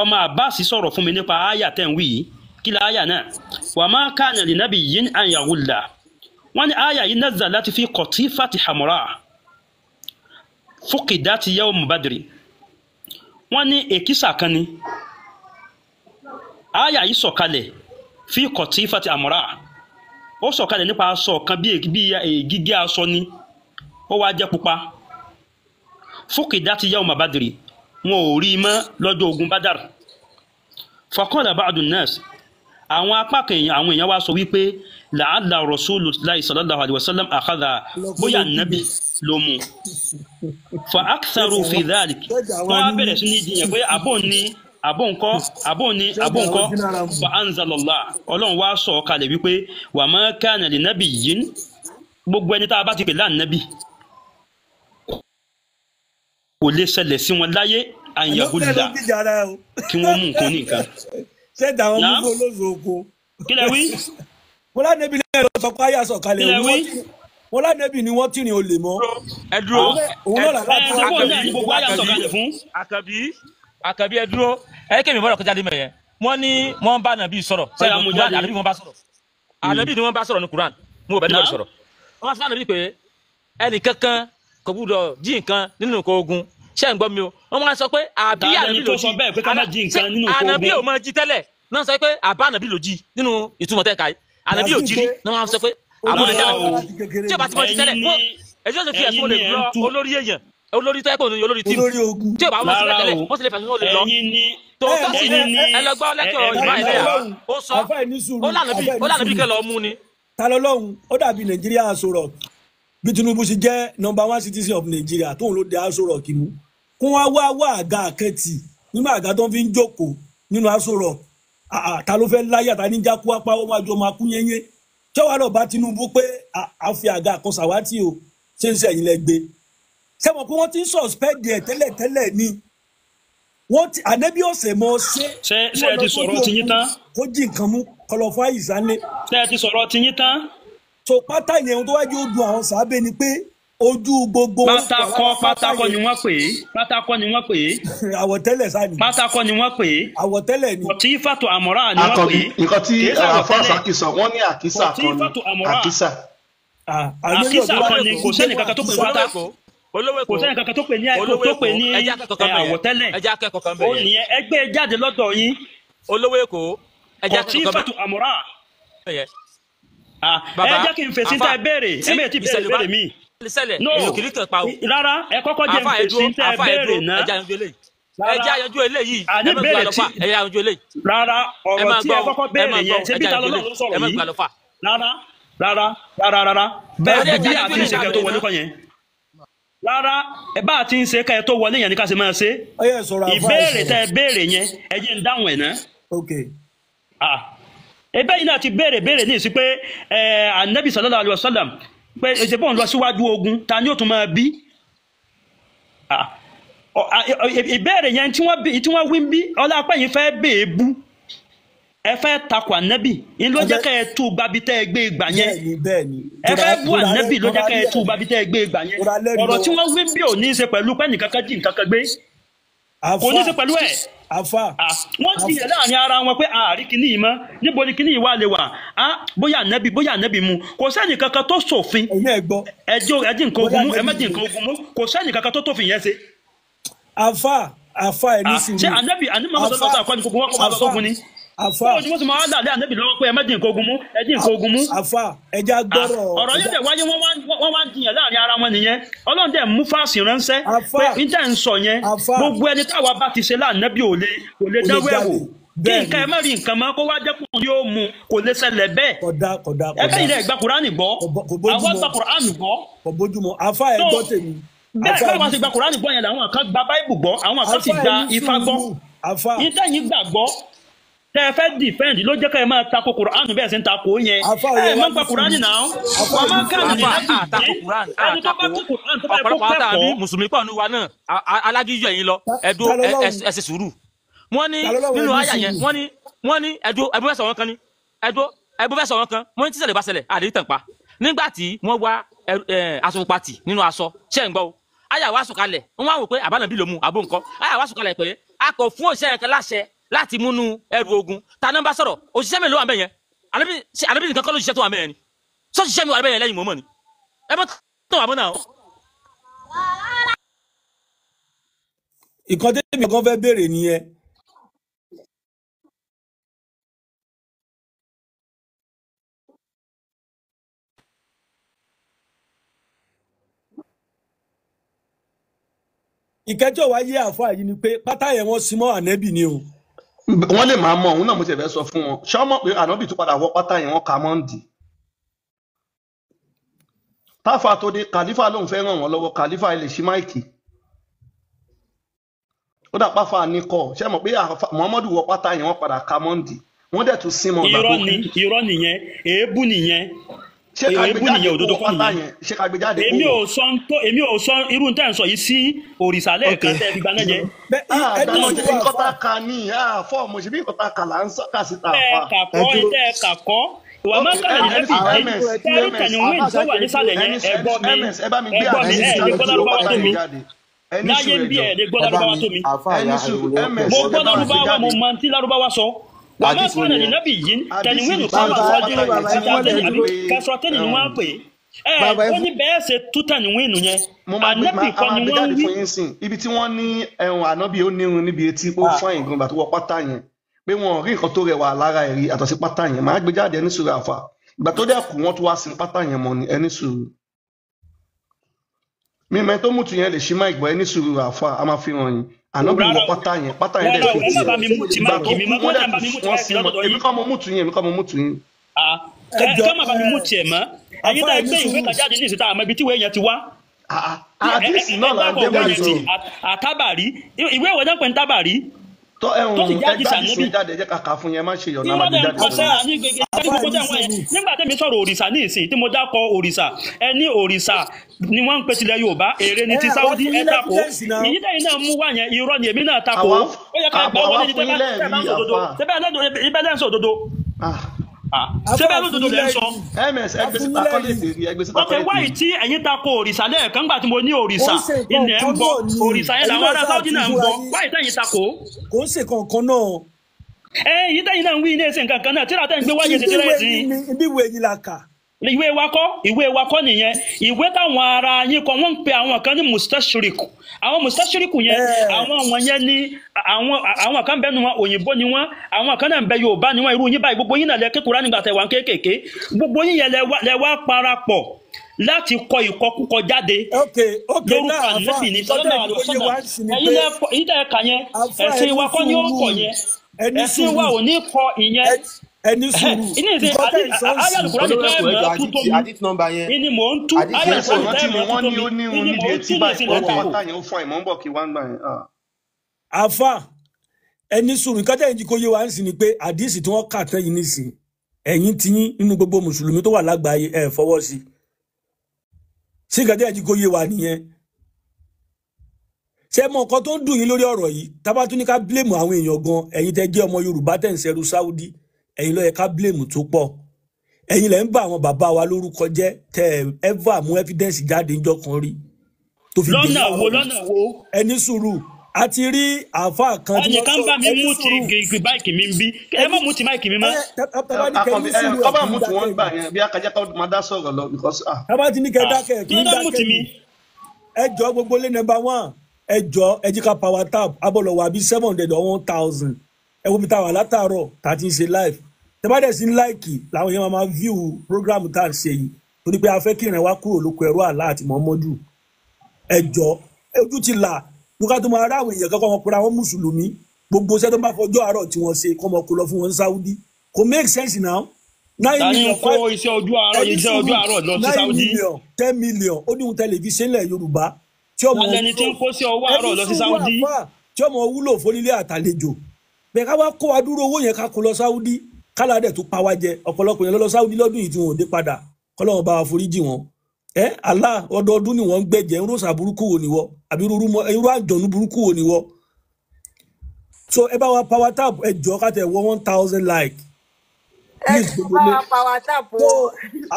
ọmọ abbas sọ̀rọ̀ fún mi nípa aya tẹ̀ ń wí yìí kí la aya náà wà má kàánà lè nábì yín an yaghulla wọ́n ní aya yìí nazza láti fi qatifati hamra fuqidati yawm badri wọ́n ní èkìsà kan ni aya yìí sọ̀kalẹ̀ fi fati àmúra ó sọ̀kalẹ̀ nípa aṣọ kan bí eh, gígé aṣọ ni ó wá jẹ́ pupa fúkìdá ti yá ọmọ bàdìrì wọn ò rí i mọ́ lọ́jọ́ ogun bádàr fọkànlá bàdùn nọ́ọ̀sì àwọn apá kẹyìn àwọn èèyàn wá sọ wípé làálà rọ̀ṣúlù láì sọ̀lọ́lá àdìwọ̀ sọ́lám àkàdà bóyá nàbì ló mú fa akitaro fìdálì wọn á bẹ̀rẹ̀ sí ní ìdíyàn bóyá àbọ̀ ní àbò ńkọ́ àbò ní àbò ńkọ́ fa anzalọ́lá ọlọ́run wá sọ̀ kalẹ̀ wípé wà má kánà nabi. nábì yìí gbogbo ẹni tá a bá ti pè lánàbì kò lè ṣẹlẹ̀ sí wọn láyé àyàhùlà kí wọ́n mú nǹkan ní nǹkan. ṣé dàwọn mú kó lóṣù oko. kí wí. mo lánàbì náà lọ sọ pé àyà sọ̀ kalẹ̀ mo lánàbì ni wọ́n tìrìn olè mọ́. ẹ dúró ẹ dúró àkàbí àkàbí ẹ dúró ẹ kémi bọ́dọ̀ kọjá dé mẹ́yẹ wọ́n ní wọ́n bá nàbí sọ̀rọ̀ sẹ́yìn kúrán ànábì wọ́n bá sọ̀rọ̀ ànábì ni wọ́n bá sọ̀rọ̀ ní kúrán mo bẹ̀ níbẹ̀ sọ̀rọ̀ wọ́n bá sọ̀rọ̀ ànábì pé ẹnì kankan kò gbúdọ̀ jí nǹkan nínú nǹkan ogun ṣé ń gbọ́ mi o wọ́n máa sọ pé àbí ànábì ló jí ànábì ò máa jí tẹ́lẹ̀ náà sọ pé àbá ànábì ló jí nínú ìtumọ̀ tẹ́ ka yìí ànábì ò jí rí náà wọ́n sọ pé àbúrò tẹ́lẹ̀ tí o bá ti mọ̀ jí tẹ́lẹ̀ ẹjọ́ sọ fi lè lọ olórí lè tẹ́lẹ̀ wọ́n ti tòótọ́ sì ni ẹlẹgbẹ́ lẹ́tọ̀ ìmọ̀ ẹ̀dẹ́ ó sọ ó lànà bí kẹ́ lọ́ọ́ mú ni. ta ló lọ́hùn ó dàbí nàìjíríà sọ̀rọ̀ bí Tinubu ṣe jẹ́ number one citizen of Nigeria tóun ló dé aṣọ rọ̀ kìmú kún wá wá wá àga àkẹ́tì nínú àga tó ń fi ń jókòó nínú aṣọ rọ̀ ta ló fẹ́ láyé àtàníjà kú apá ó máa jọ máa kú yẹ́yẹ́ tí wàá lọ bá Tinubu pé a fi àga kan sàwátì o ṣé ń ṣe ẹ̀yìn lẹ́gbẹ́ sẹ́wọ̀n pé wọ́n ti ń suspect ẹ̀ tẹ́lẹ̀tẹ́lẹ̀ ni wọ́n ti ànábì ọ̀sẹ̀ mọ́ ṣe. ṣé ṣé ẹ ti sọ̀rọ̀ ti yín tán. kó jí nǹkan mú kọlọ́fọ́ àyíṣà lé. ṣé ẹ ti sọ̀rọ̀ ti yín tán. so pátá yẹn tó wájú ó du àwọn sàábẹ̀ ni pé ojú gbogbo. pátákọ́ pátákọ́ ni wọ́n pè é pátákọ́ ni wọ́n pè é. [laughs] àwọ̀tẹ́lẹ̀ sá ni. pátákọ́ ni wọ́n pè é. àwọ̀tẹ́lẹ̀ ni. kò tí fàtò àmọ́ra ni wọ́n pè é. nǹkan tí afọ́sàkì sọ kò sẹ́yìn kankan tó pè ní àwọ̀tẹ́lẹ̀ ó nìyẹn ẹgbẹ́ e jáde lọ́dọ̀ yín olówó èkó ẹjá kankan bẹ́ẹ̀. kò tí fatu àmúrà ẹ jẹ́ kí n fèsì tá ẹ béèrè ẹ bẹ́ẹ̀ ti béèrè béèrè mi no rárá ẹ kọ́kọ́ jẹ́ fèsì tá ẹ béèrè náà ẹjẹ àyànjú eléyìí ẹ má gbà lọ́fà ẹyà àyànjú eléyìí. rárá ọ̀rọ̀ tí ẹ kọ́kọ́ béèrè yẹn ṣé bí ta lọ́lọ́ ló yìí rárá rárá rárá rárá bẹ́ẹ̀ bí a tó wọlé kọ́ yẹn. rárá ẹ bá àti ń ṣe ká ẹ tó wọlé yẹn ní ká ṣe máa ṣe ìbéèrè tẹ ẹ béèrè yẹn ẹ ń dáhùn ẹ̀ ebe yìí ti béèrè béèrè ní ìsí anabi sallallahu alayhi wa sallam pé lọ síwájú ogun ta ni ó tún máa bí. ìbéèrè yẹn tí wọ́n wí bí ẹ fẹ́ takò ànẹ́bì ní ló jẹ́ kẹ́ ẹ tú gbabi tẹ́ ẹ gbé ìgbà yẹn ẹ fẹ́ bú ànẹ́bì ló jẹ́ kẹ́ ẹ tú gbabi tẹ́ ẹ gbé ìgbà yẹn ọ̀rọ̀ tí wọ́n wí bí ò ní í ṣe pẹ̀lú pẹ́ nìkan kan jí nǹkan kan gbé kò ní í ṣe pẹ̀lú ẹ̀ wọ́n ti yẹ̀ láàrin ara wọn pé àárí kìíní yìí mọ́ níbo ni kìíní yìí wà lè wà á bóyá ànẹ́bì bóyá ànẹ́bì mu kò sẹ́ni kankan tó sòfin ẹjọ́ ẹdí nǹkan ogun mú ẹ̀ àfa kó o ti mú dàdé àdébì lọ́wọ́ pé ẹ mẹ́jì nǹkan ogun mú ẹ nǹkan ogun mú. àfa ẹja gbọ́rọ̀. ọ̀rọ̀ yóò dẹ̀ wáyé wọ́n wá ń jiyàn láàrin ara wọn nìyẹn ọlọ́run dẹ̀ mú fáàsì ránṣẹ́ pé n ń sọ yẹn gbogbo ẹni táwa bá ti ṣe láàánẹ́bí ò lè kò lè dẹ́wọ́ ẹ̀ wò kí nǹkan ẹ má rí nǹkan mọ́ kó wá jẹ́ yóò mu kò lè ṣẹlẹ̀ bẹ́ẹ̀. kódà kódà kódà ẹgbẹ́ ìrẹ́ ìgbà kùránì gbọ́ àwọn ìgbà kùránì gbọ́. kò bójúmọ́ àfa ẹ̀ gbọ́ tèmi. bẹ́ẹ̀ báwo ma ṣe gba kùránì gbọ́ yẹn làwọn kan gba báíbù gbọ́ àwọn kan sì gba ifá gbọ́. àfa ẹ̀ ní gbàgbọ́ tẹ ẹ fẹ́ defend ló jẹ́ ká ẹ máa tako Quran bẹ́ẹ̀ sì ń tako yẹn ẹ máa ń gba Quran náà wọ́n máa ń kà ní láti ní ah, ah, ẹni tó bá tó Quran tó bá yẹ kó kẹ́kọ̀ọ́. ọ̀pọ̀lọpọ̀ àtàbí mùsùlùmí pọ̀ níwa náà alájúyọ̀ yín lọ ẹ̀dùn ẹ̀sẹ̀ sùúrù wọ́n ní nínú àyà yẹn wọ́n ní wọ́n ní ẹ̀dùn ẹ̀bùn fẹ́ sọ wọn kan ní ẹ̀dùn ẹ̀bùn fẹ́ sọ wọn kan wọ́n ní tíṣẹ̀lẹ̀ bá ṣẹlẹ̀ àdé tàn pa nígbà tí wọ́n wá aṣọ pupa nínú aṣọ ṣẹ́ ń gbọ́ o àyà wa sọ̀kalẹ̀ wọ́n wá wò pé àbánàbí lòmù àbó nǹkan àyà wa sọ̀kalẹ̀ pé a fún òṣìṣẹ́ kan láṣẹ láti múnú ẹrù ogun ta nọ́mbà sọ̀rọ̀ òṣìṣẹ́ mélòó wà mẹyẹn àlẹbí nìkan kọ́ ló ṣiṣẹ́ tó wà mẹyẹn ni sọṣiṣẹ́ mi wà mẹyẹn lẹ́yìn mọmọ ni ẹ bọ tó wà mọ náà. ìkan tẹ́lẹ̀ kan fẹ́ béèrè nìyẹn. ìkẹjọ wáyé àfọ àyí ni pé pátá yẹn wọ́n sì mọ́ ni o wọ́n lè máa mọ òun náà mo ti fẹ́ sọ fún wọn ṣé ọmọ pé ànábì tó padà wọ pátá yẹn wọ́n ka mọ́ǹdì táfà tó dé kàlífà lòun fẹ́ ràn wọ́n lọ́wọ́ kàlífà ilé ṣí máìkì ó dà páfà nìkọ ṣé mọ̀ pé Muhammadu wọ pátá yẹn wọ́n padà ka mọ́ǹdì wọ́n dẹ̀ tún símọ̀ ìgbà tó kú. irọ́ nìyẹn èébú nìyẹn ṣé ká gbé jáde owó pátá yẹn ṣé ká gbé jáde owó. èmi ò sọ tó èmi ò sọ irú tẹ́ ń sọ yìí sí òrìṣà lẹ́ẹ̀kan tẹ́ fi gbaná jẹ. ẹgbẹ́ wọn ṣe kọ́tà ka ah, fọ́ọ̀mù ṣe bí kọ́tà ka là ń kà síta. ẹ kàkọ́ ẹ tẹ́ kàkọ́ wà má kàlẹ̀ ní lẹ́fì yìí tẹ́rù kàníwìn tó wà nísàlẹ̀ yẹn ẹ̀gbọ́ mi ẹ̀gbọ́ mi ẹ̀ lè gbọ́dọ̀ lọ́wọ́ tó mi láyé ń bí ẹ̀ lè gbọ́dọ̀ lọ́wọ́ tó mi mo gbọ́dọ̀ lọ́wọ́ mo mọ wàmọ́ kọ́nà ní nábì yìí tẹ̀líwìnì kọ́nà sọ́jú àbí kẹsọ̀tẹ́nì ni wọ́n á pè é ẹ ó ní bẹ́ẹ̀ ṣe tú tẹ̀líwìnì yẹn ànábì kọ́ ni wọ́n wí. ibi tí wọ́n ní ẹ̀wọ̀n ànábì ó nírun níbi etí ó ah. fún ìgbọ̀n gbà tó wọ pátá yẹn pé wọn rí nǹkan tó rẹwà lára ẹ̀rí àtọ̀sí pátá yẹn màá gbé jáde ẹni sùúrù àfà ìgbà tó dẹ̀ kù wọ́n tó wá sí pátá yẹn mọ́ ni ẹni sùúrù mímẹ́ tó mùtù yẹn lè ṣí má ìgbọ́ ẹni sùúrù àfà á máa fi hàn yín ànábì wọ pátá yẹn pátá yẹn dẹ̀ fi tiẹ̀ gbà tó kú dẹ̀ tó wọ́n sí mọ́ èmi kọ́ mo mú tu yín èmi kọ́ mo mú tu yín. kẹ́kẹ́ má bàa mi mú tiẹ̀ mọ́ ayé tá a gbé ìwé kàjáde ní ìsìta àmọ́ ibi tíwèé yẹn ti wá. náà là ń dé wáyé. àtàbàrí ìwé ìwé náà pè ní tọ ẹhùn ẹgbà ìṣó jáde jẹ kàkà fún yẹn má ṣe yọ̀nà àmàbí jáde fún mi. nígbà tẹ́mi sọ̀rọ̀ òrìṣà ní ìsìn tí mo dákọ̀ òrìṣà ẹ ní òrìṣà ni wọ́n ń pè tilẹ̀ yorùbá èrè ni ti sáwọ́dí ẹ tako èyí tẹ́yìn náà mú wá yẹn irọ́ ni èmi náà tako ó yẹ ká gbọ́ wọlé ní tẹ́bẹ̀ náà sòdodo sẹ́bẹ̀ ah, ló dodo lẹ́ sọ. ms ẹgbẹ́síta kọ́lẹ́sì rí ẹgbẹ́síta kọ́lẹ́sì. ok wáyé tí ẹ̀yin ta ko òrìṣà lẹ́ẹ̀kan nígbà tí mo ní òrìṣà ilẹ̀ ń bọ òrìṣà yẹn làwọn ará sáwọ́dì náà ń bọ wáyé tẹ̀yin ta ko. kò ń ṣe kankan náà. ẹ yìí tẹ̀yin náà ń wí ilé ẹsẹ̀ nǹkan kan náà tíra tẹ̀ ń gbé wáyé tètè rẹ̀ sí. ibi wo èyí la kà ìwé wa kọ́ ìwé wa kọ́ nìyẹn ìwé táwọn ará yín kọ wọ́n ń pe àwọn kan ní mustashiriku àwọn mustashiriku yẹn àwọn àwọn yẹn ní àwọn àwọn kan bẹ́ẹ̀ nu wọn òyìnbó ni wọn àwọn kan náà ń bẹ yorùbá ni wọn irú yín báyìí gbogbo yín náà lẹ kékeré nígbà tẹ̀ wá kéékèèké gbogbo yín yẹn lẹ wá parapọ̀ láti kọ ìkọkúkọ jáde lórúkọ àlẹ́sìn ní sọ́nà àlọ́sọ́nà ẹ̀yin tẹ̀ ẹ̀ka yẹn ẹ̀sìn wa ni ó kọ̀ yẹn ẹ̀sìn wa ò ní kọ ìyẹn ẹni sùúrù ìkọ́tẹ̀ ìsọ́nsì. àdìtì nọ́mbà yẹn àdìtì yẹn sọ̀rọ̀ tí mo wọ́n ní ó ní irun níbi etí báyìí ọkọ̀ ọ̀tá yẹn ó fọ ìmọ̀ ń bọ̀ kí wọ́n gbà yẹn. àfa ẹni sùúrù ìkọ́tẹ̀ yìí kò yé wa ń sìn ni pé àdìsì tí wọ́n kà tán yìí nìsín ẹ̀yìn tiyín nínú gbogbo mùsùlùmí tó wà lágbàáyé ẹ̀ fọwọ́ sí sí ìkọ́tẹ̀ yìí kò yé wa nìyẹn ṣé mọ nǹkan tó ń dùn yín lórí ọ̀rọ̀ yìí tábàtúní ká bílèmù àwọn èèyàn gan ẹ̀yin tẹ́ jẹ́ ọmọ Yorùbá tẹ̀ ń ṣẹrú Sáúdí ẹ̀yin ló ká blame tó pọ̀ ẹ̀yin lẹ ń bá àwọn bàbá wa lórúkọ jẹ́ tẹ́ ever mú evidence jáde níjọ́ kan rí. lọ́nà wo lọ́nà wo. ẹni sùúrù a ti rí àáfàá kan tí wọ́n sọ ẹni sùúrù. ẹnì kan bá mi mú ti gbègbè báìkì mi bí ẹ má mú ti báìkì mi má. tọ́ba ah, eh, mú ti wọ́n gbà yẹn bí akájá kan máa dá sọ̀rọ̀ lọ. tọ́ba ah. ti ní kẹ́ ah, dákẹ́ kí n dákẹ́ mi ẹ jọ gbogbo lé number one ẹ jọ ẹ jí ká power tap abọ́lọ̀wọ̀ àbí seven hundred or one thousand ẹ wo bí táwa látàárọ̀ tá a ti ń ṣe live tẹ bá dẹ̀ sí láìkì làwọn èèyàn máa view program tá à ń ṣe yìí torí pé a fẹ́ kí ìrìn wá kúrò lóko ẹrú àlá àti mọ́mọ́dù ẹjọ́ ojú ti là lóka tó máa ráwọ̀ èèyàn kọ́kọ́ wọn pera mùsùlùmí gbogbo iṣẹ́ tó bá fọjọ́ àárọ̀ tí wọ́n ṣe kọ́ kó lọ fún wọn sáúdí kò make sense now nine million five tani kó iṣẹ́ ojú àárọ̀ iṣẹ́ ojú àárọ̀ lọ sí sáúdí nine million ten million ó ní ohun tẹlifíṣẹ́ ilẹ̀ yorùbá tí ọmọ wúlò fún ilé àtàlejò bẹ́ẹ̀ ká wá kó wa dúró owó yẹn ká kó lọ sáúdí kálá dẹ̀ tó pa wá jẹ ọ̀pọ̀lọpọ̀ yẹn lọ sáúdí lọ́dún yìí tí wọn dé padà kọ́lọ́wọ́n bá wa foríjì wọn ẹ Allah ọdọọdún ni wọ́n ń gbẹ̀jẹ̀ ń rọ́ṣà burúkú wo ni wọ́ àbí irú àjọ̀nú burúkú wo ni wọ́ so ẹ bá wa power tap ẹ jọ ká tẹ wọ one thousand like please gbogbo lé so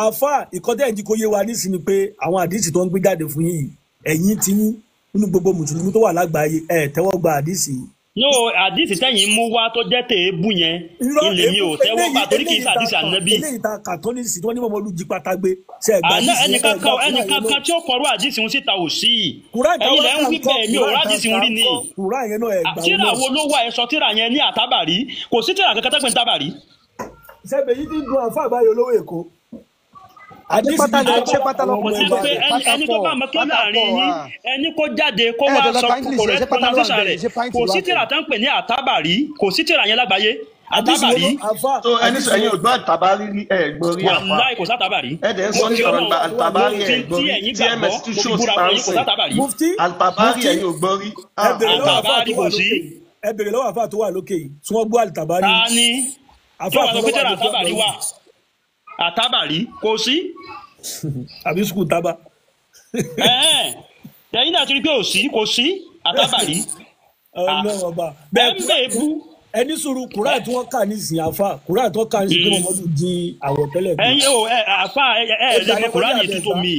àfa ìkọ́tẹ́ ẹ̀ ń jí kó yé wa nísìnyí pé àwọn àdìsí tó ń gbé jáde fún yìí ẹ̀yìn tí nínú gbogbo mùsùlùmí tó wà lágbàáyé ẹ̀ tẹ́wọ́ gba àdìsí yìí no àdìsí tẹ́yìn mú wá tó jẹ́ tèébù yẹn ilé mi ò tẹ́wọ́ gbà torí kì í ṣàdìsí ànábì. eléyìí ta kàtọ́lì sí tó ní bọ́mọ olú jípa ta gbé. àná ẹnìkan kan ẹnìkan kan tí ó kọ̀rọ̀ àdìsí òun síta ò sí i ẹ̀yin lẹ́ ń wí bẹ́ẹ̀ mi ò rádìsí òun rí ni. tíra wo ló wà ẹ̀sọ́ tíra yẹn ní àtàbàrí kò sí tíra kankan tẹ́gbẹ̀ẹ́ pátá pata, ṣe pátá lọ́kùnrin ẹ̀ bá rẹ̀ pata, pọ̀ ẹni tó bá mọ tó láàrin yín ah. ẹni kó jáde kó wá eh, sọ correct pronunciation rẹ̀ kò sí tírà tá ń pè ní àtàbàrí kò sí tírà yẹn lágbàáyé àtàbàrí. tó ẹni sọ ẹyin ògbọ́n àtàbárí rí ẹ gbọ́n rí àfa wàláì kò sátàbàrí. ẹ dẹ̀ ń sọ ní ọ̀rọ̀ gba àtàbárí ẹ gbọ́n rí tms two shows pansẹ̀ àtàbárí ẹyin ògbọ́n rí. àtàbárí kò sí. Ah, ẹ bèrè lọ́wọ́ àfa tó wà lókè yìí tí wọ́n gbọ́ atabali, kò sí. àbí sùkúù tábà. lẹ́yìn náà ti rí pé ò sí kò sí àtàbàrí. ọlọ́wọ́ ọba, bẹ́ẹ̀ kú ẹni sùúrù kúrà tí wọ́n kà nísìnyí àfa kur'a tí wọ́n kà nísìnyí kí wọ́n mọ́tò di àwọ̀tẹ́lẹ̀ gbé. ẹyin o àfa ẹ ẹ lè mọ kúrà ní tuntun mi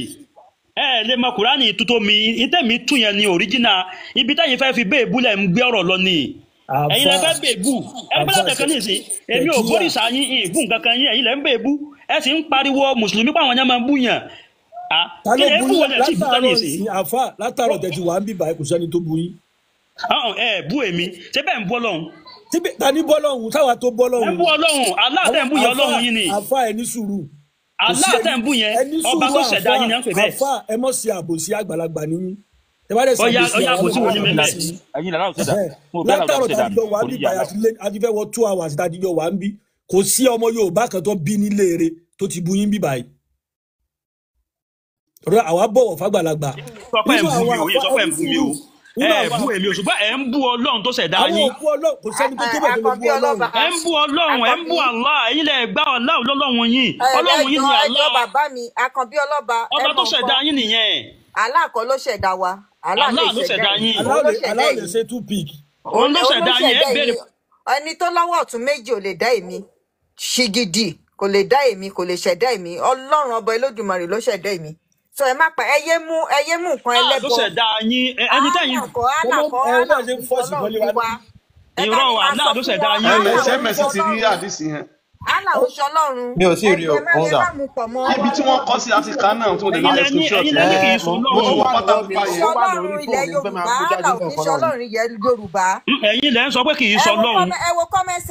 ẹ lè mọ kúrà ní tuntun mi ìtẹ̀mí tún yẹn òríjìnà ibi táyì fi bẹ́ẹ̀ búlẹ̀ ń gbé ọ̀rọ̀ lọ nìyí lẹ èmi ò yín ìbú nǹkan kan yín lẹ ń ẹ sì ń pariwo mùsùlùmí pàwọn yẹn máa búyàn kẹlẹ fún wọn ti bùtá àfa látàrọ tẹ̀sí wàá ń bíbà kò sẹ́ni tó bu yín. ẹ bú èmi ṣé bẹ́ẹ̀ ń bú ọlọ́run. ta ni bọ́lọ́hún táwa tó bọ́lọ́hún. ẹ bú ọlọ́run aláàtẹ̀ ń bú yẹn ọlọ́run yín ni. àfa ẹ ní sùúrù. aláàtẹ̀ ń bú yẹn ọba tó ṣẹ̀dá yín ni à ń pè bẹ́ẹ̀. àfa ẹ mọ̀ sí àbòsí àgbàlagbà nínú ọyá ọyá àbòsí wo ni mi bẹ́ẹ̀. látàrọ tàbí jọ wà ń bí bàyà àti fẹ́ wọ two hours tàbí jọ kò sí ọmọ Yorùbá kan tó bí nílé rẹ tó ti bu yín bí báyìí rọ àwa bọ̀wọ̀ fàgbàlagbà. sọpẹ́ ẹ̀ bú mi o sọpẹ́ ẹ̀ bú mi o ẹ bú èmi o ṣùgbọ́n ẹ ń bú ọlọ́run tó ṣẹ̀dá yín. ẹ ń bú ọlọ́run ẹ ń bú Allah ẹ̀yin lẹ gbá Allah lọ́lọ́run yín ọlọ́run yín ni Allah. ọba tó ṣẹ̀dá yín nìyẹn. Allah kọ́ ló ṣẹ̀dá wa. Allah ló ṣẹ̀dá yín. Allah ló ṣẹ̀dá yín. ẹni tó lọ́wọ́ ọ̀tún méjì ò lè dá èmi ṣìgìdì kò lè dá èmi kò lè ṣẹ̀dá èmi ọlọ́run ọba Olódùmarè ló ṣẹ̀dá èmi so ẹ má pa ẹyẹ mú ẹyẹ mú nǹkan ah, ẹlẹ́bọ. àlọ́ ṣẹ̀dá yín ẹni tẹ́yìn kọ́ ọ́ ẹ náà ṣe ń fọ́ọ̀sì wọlé wa ìrọ̀ wà náà ló ṣẹ̀dá yín. ẹ ṣe mẹ́sì ti rí àdìsí yẹn. Allah ó ṣe Ọlọ́run. Mi ò sí rí o, ọ̀dà. Ibi tí wọ́n kọ́ sí Africa náà tó lè lọ́ọ́ ẹ̀sìn ṣọ́ọ̀tì. Mo ṣe wọ́n pátá fún báyìí. Ọlọ́run ilẹ̀ Yorùbá, Allah ò ní ṣe Ọlọ́run ilẹ̀ Yorùbá. Ẹ̀yin lẹ́ ń sọ pé kì í ṣe Ọlọ́run. Ẹ wo comment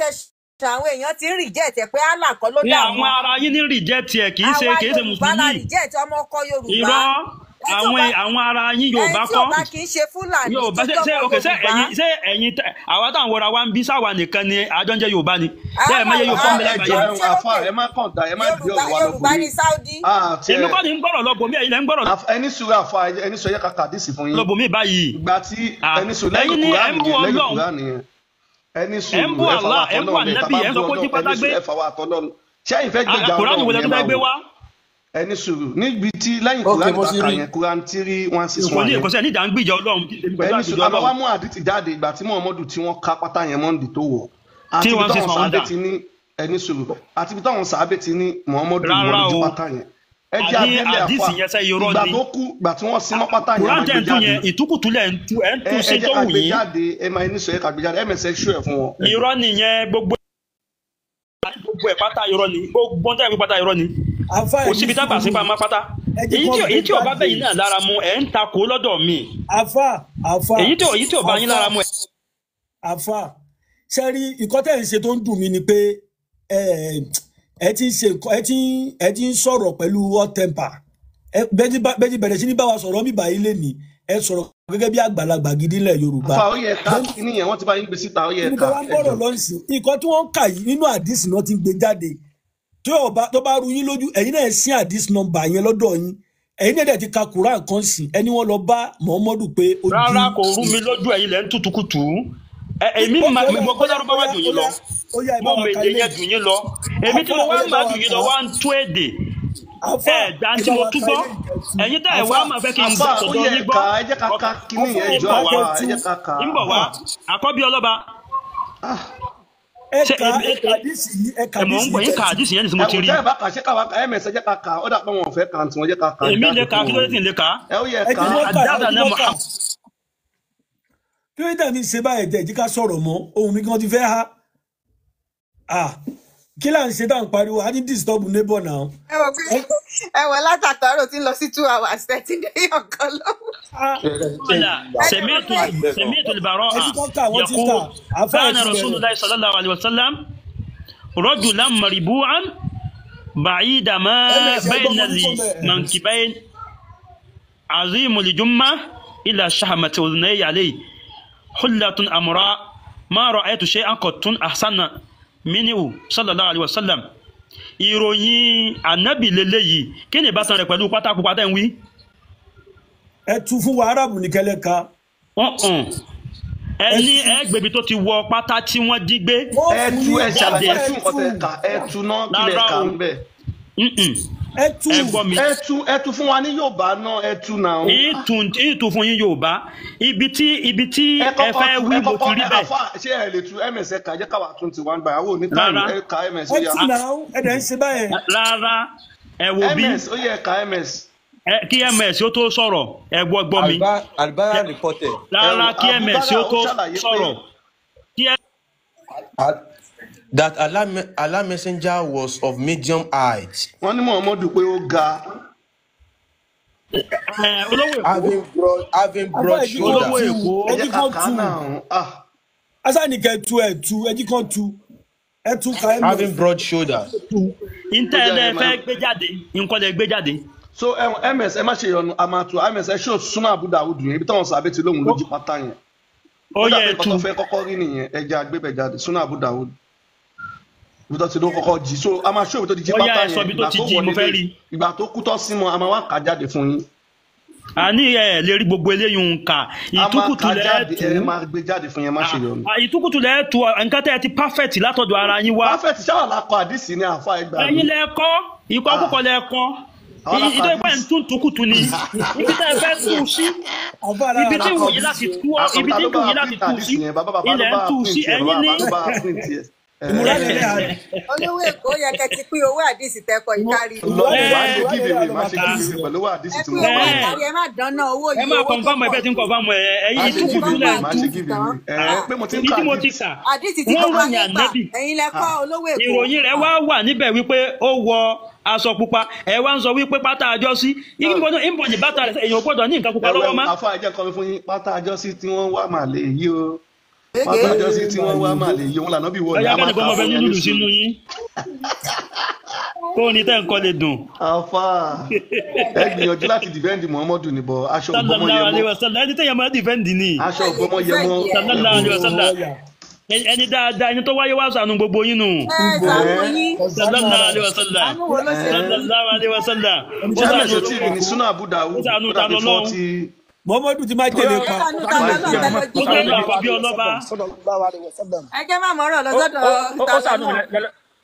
àwọn èèyàn ti ń reject ẹ pé Allah kọ́ ló dá wọn. ní àwọn ara yín ní reject kì í ṣe kì í ṣe yorùbá la ọmọ yorùbá. irọ́ àwọn àwọn ará yín yorùbá kọ́. kì í ṣe fúlàní tó ok ṣé wọra wa ń bí sáwà nìkan ni àjọ ń jẹ yorùbá ni. ni ah, fún tí ah, ẹni sùúrù ẹ fà wà tọ́lọ́ mi bàbá mi ọlọ́run ẹ fà wà tọ́lọ́ mi ṣé ìfẹ́ gbèjà ọlọ́run yẹn máa wọ ẹni sùúrù níbi tí lẹ́yìn kúránì bàtà yẹn kúránì tírí one six one yẹn ẹni sùúrù àmọ́ wá mú àdìtì jáde ìgbà tí mọ̀ọ́mọ́dù tí wọ́n ká pátá yẹn mọ́ndì tó wọ̀ àti ibi táwọn sàábẹ̀ ti ní ẹni sùúrù àti ibi táwọn sàábẹ̀ ti ní mọ̀ọ́mọ́dù mọ̀ọ́dù pátá yẹn ẹjẹ abẹlẹ àfa àdìsí yẹn sẹ irọ́ ni ìgbà tó kú ìgbà tí wọ́n sin mọ́ pátá yẹn wọ́n gbé jáde ìtukùtù lẹ̀ ń tu ẹ̀ ń tu ṣe tó wù yín. ẹ máa ní sọ yẹ ká gbé jáde ẹ mẹ sẹ ṣú ẹ fún wọn. irọ́ nìyẹn gbogbo gbogbo ẹ̀ pátá irọ́ ni gbogbo ọ̀tá ẹ̀ pátá irọ́ ni kò síbi tá a gbà sí pamọ́ pátá èyí tí ọba bẹ́yìn náà lára mu ẹ̀ ń takò lọ́dọ̀ mi èyí tí ọba yín lára mu ẹ̀. àfa sẹ́rí ìkọ́tẹ̀ ìṣe tó ń dùn mí ni pé ẹ ti ń ṣe nǹkan ẹ ti ń ẹ ti ń sọ̀rọ̀ pẹ̀lú hot temper ẹ bẹ́ẹ̀ ti bẹ̀rẹ̀ sí ní bá wa sọ̀rọ̀ mi báyìí lè ní ẹ sọ̀rọ̀ gẹ́gẹ́ bí àgbàlagbà gidi ilẹ̀ yorùbá. afa oyè ká kíní yẹn wọ́n ti bá yín gbé síta oyè ká. nígbà wọn bọ̀rọ̀ lọ́sìn nǹkan tí wọ́n ń kà yìí nínú àdìsí náà ti ń gbé jáde tí ọba tó bá ru yín lójú ẹ̀yin náà sin àdìsí nọ́mbà yẹn lọ́dọ̀ yín ẹ̀yin náà dẹ̀ ti ka Quran kan sìn ẹni wọ́n lọ bá Muhammadu pé. rárá kò rú mi lójú ẹ̀yin lẹ́ ń èmi mo kọ́ lárúbá wá dùn yín lọ mo mọ èdè yẹn dùn yín lọ èmi tí mo wá máa dùn yín lọ wá ń tún èdè ẹ gbà tí mo tún gbọ́ ẹ̀yin tẹ́ ẹ̀ wá máa fẹ́ kí n gbà sọ̀tọ̀ yín gbọ́ ọkọ̀ ń bọ̀ wá àkọ́bí ọlọ́ba ah. ẹ ka ẹ ka disi yìí ẹ ka disi yìí ẹ ka disi yẹn ni mo ti rí. ẹ bá kà ṣe ká wa ẹ mẹsẹ jẹ ká kà ó pé wọn fẹ́ kà tiwọn jẹ ká kà. èmi lè ka kí ló dé tí n lè ka. ẹ ó yẹ ká àdàdà náà mọ kí ló dé ní ṣe báyìí ẹ̀jẹ̀ jíká sọ̀rọ̀ mọ́ ohun mi kan ti fẹ́ há kí là ń ṣe dáhùn pariwo a ní disturb neighbor now. ẹ wọ pé ẹ wọ látàtàrò tí ń lọ sí two hours thirty day ọ̀kan lọ́wọ́. سمعت البراء يقول كان رسول الله صلى الله عليه وسلم رجلا مربوعا بعيد ما بين المنكبين عظيم الجمة إلى شحمة أذنيه عليه hullatun amra ma ra'aytu shay'an qattun ahsana minhu sallallahu alaihi wasallam ìròyìn ànábì lélẹ́yìí kí ni ìbátan rẹ̀ pẹ̀lú pátákó pátá ń wí. ẹ tu fún wa arábù ní kẹlẹ ká. ẹ ní ẹgbẹ̀bí tó ti wọ pátá tí wọ́n jí gbé. ẹ tu ẹ ṣàlàyé ẹ tu nǹkan ẹ tu náà kílẹ̀ ká ń bẹ̀ ẹtù ẹtù ẹtù fún wa ní yorùbá náà ẹtù náà. ìtù fún yín yorùbá ibi tí ibi tí ẹ fẹ́ wí mo ti rí bẹ́ẹ̀. ṣé ẹ lè tu ms ká jẹ́ káwa tún ti wá ń gbà yàwó ní káwọn ẹ ka ms yà. ẹtù náà ẹ̀dẹ̀ ń ṣe báyẹn. rárá ẹ wo bí ms ó yẹ ká ms. kí ms ó tó sọ̀rọ̀ ẹ gbọ́ gbọ́ mi. alibara reported. rárá kí ms ó tó sọ̀rọ̀ kí ms that Allah, Allah messenger was of medium height. wọ́n ní Muhammadu pé ó ga. Eh, having broad having broad shoulders. ẹjẹ kàkà náà. Ah. tu ẹ tu ẹjí kan tu ẹ tu ka ẹ mọ. having broad shoulders. ntẹ́lẹ̀ fẹ́ gbé jáde nǹkan gbé jáde. so ms ẹ má ṣe ìyọnu amatu ms ẹ ṣe òṣùnà Abu Dawud yẹn ibi táwọn sàbẹ ti lóhùn lójú pátá yẹn. ó yẹ ẹ tu ó dàbí kọ́tọ́ fẹ́ kọ́kọ́ rí nìyẹn ẹja agbébẹ̀jáde sunna Abu Dawud ibi tó ti ló kọ́kọ́ jí so a máa ṣó ibi tó ti jí pátá yẹn ìgbà tó wọlé ìgbà tó kú tọ́ sí mọ a máa wá kà jáde fún yín. a ní ẹ lè rí gbogbo eléyìí ń kà ìtúkùtù lẹ́ẹ̀tù ẹ máa gbé jáde fún yẹn má ṣe ah, yọnu. Ah, ìtúkùtù lẹ́ẹ̀tù nǹkan tẹ́ ẹ ti perfect látọ̀dọ̀ ara yín wá. perfect ṣáà lakọ àdìsí ni àfa ẹgbà mi. ẹ̀yin lẹ́ẹ̀kọ́ ìkọkúkọ ah. lẹ́ẹ̀kọ́ ìdó ìpẹ́ ń tún tukutu ni ibi tẹ́ ẹ fẹ́ tú sí ibi tí wùyí láti tú ibi sí ilẹ̀ ń tú sí ẹ̀yin ní olówó èkó yẹ kẹ ti pín owó àdìsí tẹkọ ìkárí. ìwádìí gíde rè má ṣe kí ní ìsìn pẹ̀lú owó àdìsí tí wọ́n bá yẹ. ẹ má dáná owó yìí. ẹ má kọ̀nfàmù ẹ bẹ́ẹ̀ ti ń kọ̀nfàmù ẹ ẹyin ìtúkù tó lẹ̀ pé mo ti ń kọ́ àdìsí. àdìsí tí kò bá yẹ gbà ẹ̀yin lẹ olówó èkó. ìròyìn rẹ wá wà níbẹ̀ wípé ó wọ aṣọ pupa ẹ wá ń sọ wípé pátá àjọsí ìgbọ́dọ̀ ìbọ̀nyì bàtà rẹ̀ èèyàn gbọ́dọ̀ pátájọ sí tí wọ́n wá màlẹ yìí òun lànà bí wọlé a máa ta fún yín lùsínú kó o ní tẹ́ ń kọ́ lè dùn. àfa ẹ gbìyànjú láti dìfẹ́ǹdì muhammadu níbọ̀ aṣọ ògbómọ yẹmọ ẹni tẹ́ yẹn máa dìfẹ́ǹdì ni. aṣọ ògbómọ yẹmọ ẹni dáadáa ẹni tó wáyé wá sànù gbogbo yín nù. sallallahu alaihi wasallam sallallahu alaihi wasallam. ṣé àmì ìṣòtì ìrìn ní súnà àbúdà ó sànù tànà lọ́wọ́ mọ́mọ́dún ti máa tẹ̀lé pa.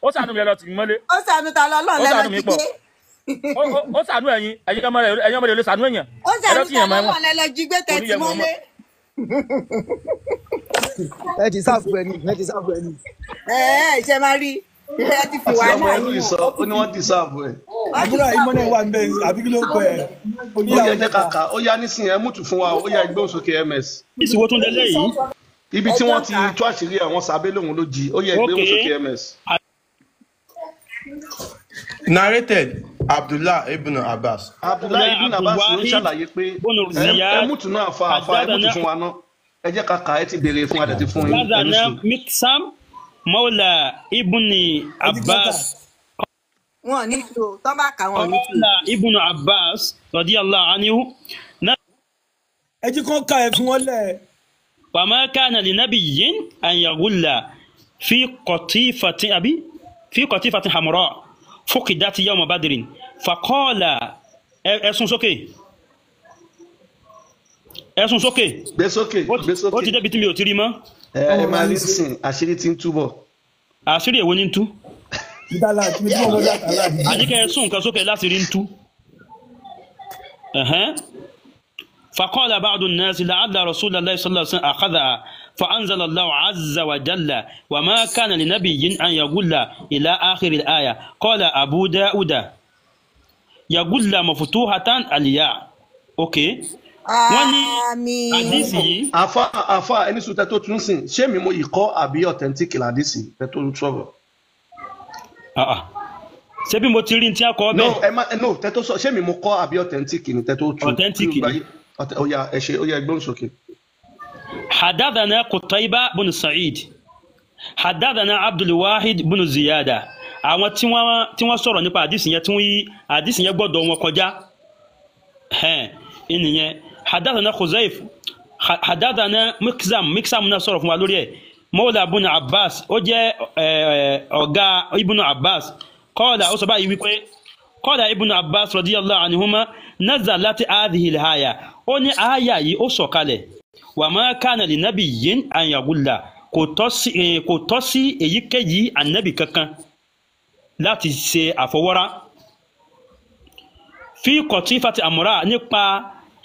ó sànú mi lọ tì mí mọ́lé. ó sànú ta lọ́nà lẹ́nu ti gbé. ó sànú ẹ̀yin ẹ̀yin ọmọ rẹ̀ ẹ̀yin ọmọ rẹ̀ ló sànú èèyàn. ó sànú ta lọ́nà lẹ́nu ti gbé tẹ̀tí mọ́lé. ẹ ti sáfù ẹni ẹ ti sáfù ẹni. ẹ ẹ ṣe máa rí i ẹ ti fi wá náà yìí o. ó ní wọ́n ti sáàbù ẹ̀. àbúrò àyè mọ́nà wà nbẹ àbí kí ló kọ ẹ. ó yà ẹjẹ kàkà ó yà nísìnyí ẹ mútu fún wa ó yà ìgbóhùnsókè ms. ìsìnwó tún lélẹ̀ yìí. ibi tí wọ́n ti tú àṣírí àwọn sábẹ́ lòun ló jí ó yà ìgbóhùnsókè ms. narrated abdullah ibn abbas. abdullah ibn abbas ló ń ṣàlàyé pé ẹ mútu náà fa àfa ẹ mútu fún wa náà ẹ jẹ́ kàkà ẹ ti béèrè fún adẹ ti fún yín mọ́wùlà ibùnì abbas. wọn ní tó tán bá kà wọn ní tó. mọ́wùlà ibùnì abbas radiyallahu anhu. ẹ jí kán ka ẹ fún wọn lẹ. wàmọ́ kánà lè nábì yín àyàwùlà fi qatifatin àbí fi qatifatin hamra fuqidat yawma badrin faqala ẹ̀sùn sókè ẹ̀sùn sókè gbé sókè gbé sókè ó ti débi tí mi ò ti rí mọ́ ẹ máa rí sísìn àṣírí tí ń túbọ̀. àṣírí èwo ni ń tú. àníkẹ́ ẹ sún nǹkan sókè láti rí ń tú. فقال بعض الناس لعل رسول الله صلى الله عليه وسلم أخذها فأنزل الله عز وجل وما كان لنبي أن يقول إلى آخر الآية قال أبو داود يقول مفتوحة الياء أوكي wọ́n ní àdìsí yìí. àfa àfa ẹni sùn tẹ́tọ́ tún sìn ṣé mi mo ìkọ́ àbí authentic làdìsí tẹ́tọ́ tún sọ̀rọ̀. Ah, ah. ṣé bí mo ti rí ní tí a kọ́ bẹ́ẹ̀. no no tẹ́tọ́ sọ ṣé mi mo kọ́ àbí authentic ni tẹ́tọ́ tún. authentic ni. oya, ẹ ṣe ọya ẹgbẹ́ òṣòkè. حدثنا قتيبة بن سعيد حدثنا عبد الواحد بن زيادة àwọn tí wọ́n sọ̀rọ̀ nípa àdìsí yẹn tí wọ́n yí àdìsí yẹn gbọ́dọ̀ wọn kọjá ẹ̀ẹ́n ìnìyẹn hadathana khuzaif hadathana mikzam mikzam náà sọ̀rọ̀ fún wa lórí ẹ̀ mawla ibn abbas ó jẹ́ ọ̀gá ibn abbas qala ó sọ báyìí wípé qala ibn abbas radiyallahu anhuma nazalat hadhihi al-aya ó ní àyà yìí ó sọ̀kalẹ̀ wa ma kana li nabiyyin an yagulla kò tọ́ sí èyíkéyìí ànábì kankan láti ṣe àfọwọ́rá fi kọ̀tífàtì àmúra nípa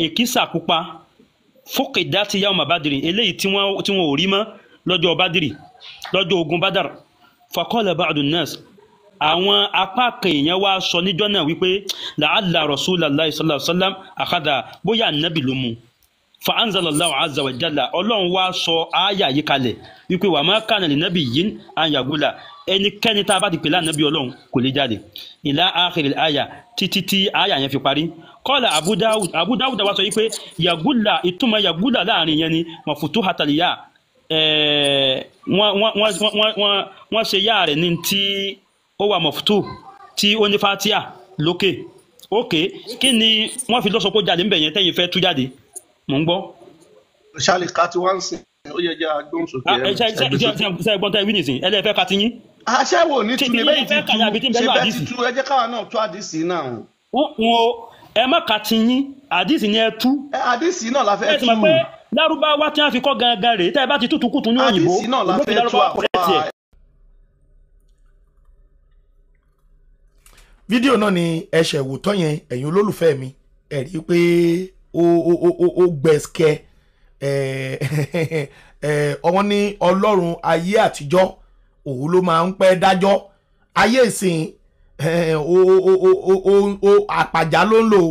èkísà pupa fókè dátì yawma badiri eléyìí tí wọ́n tí wọ́n ò rí mọ́ lọ́jọ́ badiri lọ́jọ́ ogun badar fakọ́lẹ̀ ba'du nas àwọn apá kan èèyàn wá sọ níjọ́ náà wípé làálà rasulullahi sallallahu alaihi wasallam àkàdà bóyá ànábì ló mú fa anzalallahu azza wa jalla ọlọ́run wa sọ àáyà yìí kalẹ̀ wípé wà má kànà lè nábì yìí an yagula ẹnikẹ́ni tá a bá ti pè lánàbì ọlọ́run kò lè jáde ìlà akhiril àáyà títí tí àáyà yẹn fi parí kọ́lá abudawud abudawud wa sọ yìí pé yagula ìtumọ̀ yagula láàrin yẹn ni mọ̀fùtú hataliya wọ́n ṣe yá rẹ̀ ní tí ó wà mọ̀fùtú tí ó ní fatia lókè ok kí ni wọ́n fi lọ́sọ̀kó jáde ńbẹ̀ yẹn tẹ́yìn fẹ́ tú jáde mò ń gbọ́. ṣáàlì ká ti wá ń sìn ó yẹ jẹ́ agbóhùnsókè ah, ẹ̀ ṣe ṣe gbọ́n tẹ́ wíìnì sìn ẹ lè fẹ́ ka ti yín. aṣẹ́wò ah, ní tu ni bẹ́ẹ̀ ti tu ṣe bẹ́ẹ̀ ti tu ẹ jẹ́ káwa náà tú àdìsí náà. wọn o ẹ má ka ti yín àdìsí yẹn ẹ tú. àdìsí náà la fẹ́ tú u. lárúbáwá tí wọ́n fi kọ́ gangan rèé tẹ́ ẹ bá ti tútù kùtù ní òyìnbó àdìsí náà la fẹ́ tú àpá. fídíò náà ni ẹsẹ̀ ìwòtọ́ yẹn ẹ̀yin olólùfẹ́ mi ẹ̀ rí i pé ó ó ó ó gbẹ̀skẹ́ [laughs] ọwọ́n ní ọlọ́run ayé àtijọ́ òun ló máa ń pẹ́ dájọ́ ayé ìsìn Eh, o o o o o àpàjá ló ń lò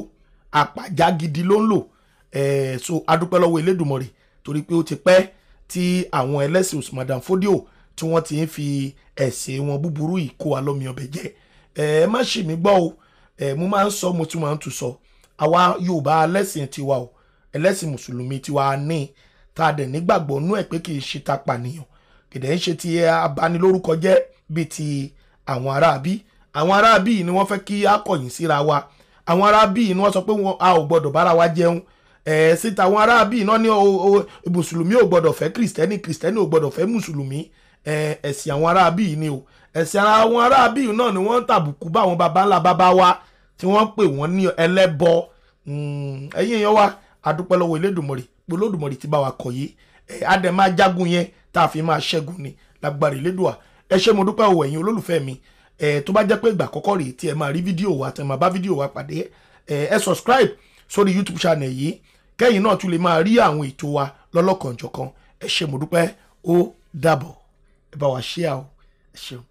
àpàjá gidi ló ń lò eh, so adúpẹ́ lọ́wọ́ Elédùmarè torí pé ó ti pẹ́ tí àwọn ẹlẹ́sìn Usman Dan Fodio tí wọ́n ti ń fi ẹ̀sìn wọn búburú yìí kó wa lọ́mi ọbẹ̀ jẹ́ eh, ẹ má ṣì mí gbọ́ o mo máa ń sọ mo tún máa ń tún sọ àwa Yorùbá ẹlẹ́sìn tiwa o ẹlẹ́sìn mùsùlùmí tiwa ní tá a dẹ̀ nígbàgbọ́ nú ẹ̀ pé kì í ṣe ta pànìyàn kì í dẹ̀ ń ṣe ti abanilórúkọ jẹ́ bíi ti àwọn aráabí àwọn ará bíi ni wọ́n fẹ́ kí a kọ̀yìn síra wa àwọn ará bíi ni wọ́n sọ pé a ò gbọ́dọ̀ bára wa jẹun ẹ̀ síta àwọn ará bíi náà ní mùsùlùmí ò gbọ́dọ̀ fẹ́ kìrìsìtẹ́nì kìrìsìtẹ́nì ò gbọ́dọ̀ fẹ́ mùsùlùmí ẹ̀sìn àwọn ará bíi ni o ẹ̀sìn àwọn ará bíi náà ni wọ́n tàbùkù bá àwọn baba ńlá baba wa tí wọ́n pè wọ́n ní ẹlẹ́bọ hmm, ẹ̀yin èèyàn wa adúpẹ́ lọ́wọ́ Elédùmarè pé Olódùmarè ti bá wa kọ̀ yìí adẹ̀ máa jagun yẹn tá a fi máa ṣẹ́gun ni lágbára Elédùà ẹ ṣé mo dúpẹ́ òwò ẹ̀yin olólùfẹ́ mi ẹ tó bá jẹ́ pé ìgbà àkọ́kọ́ rèé tí ẹ máa rí fídíò wa tẹ́ máa bá fídíò wa pàdé ẹ ẹ subscribe sórí YouTube channel yìí kẹ́yìn náà tún lè máa rí àwọn ètò wa lọ́lọ́kanjọ̀kan ẹ ṣé mo dúpẹ́ ó dàbọ̀ ẹ bá wa ṣíà o ẹ ṣeun.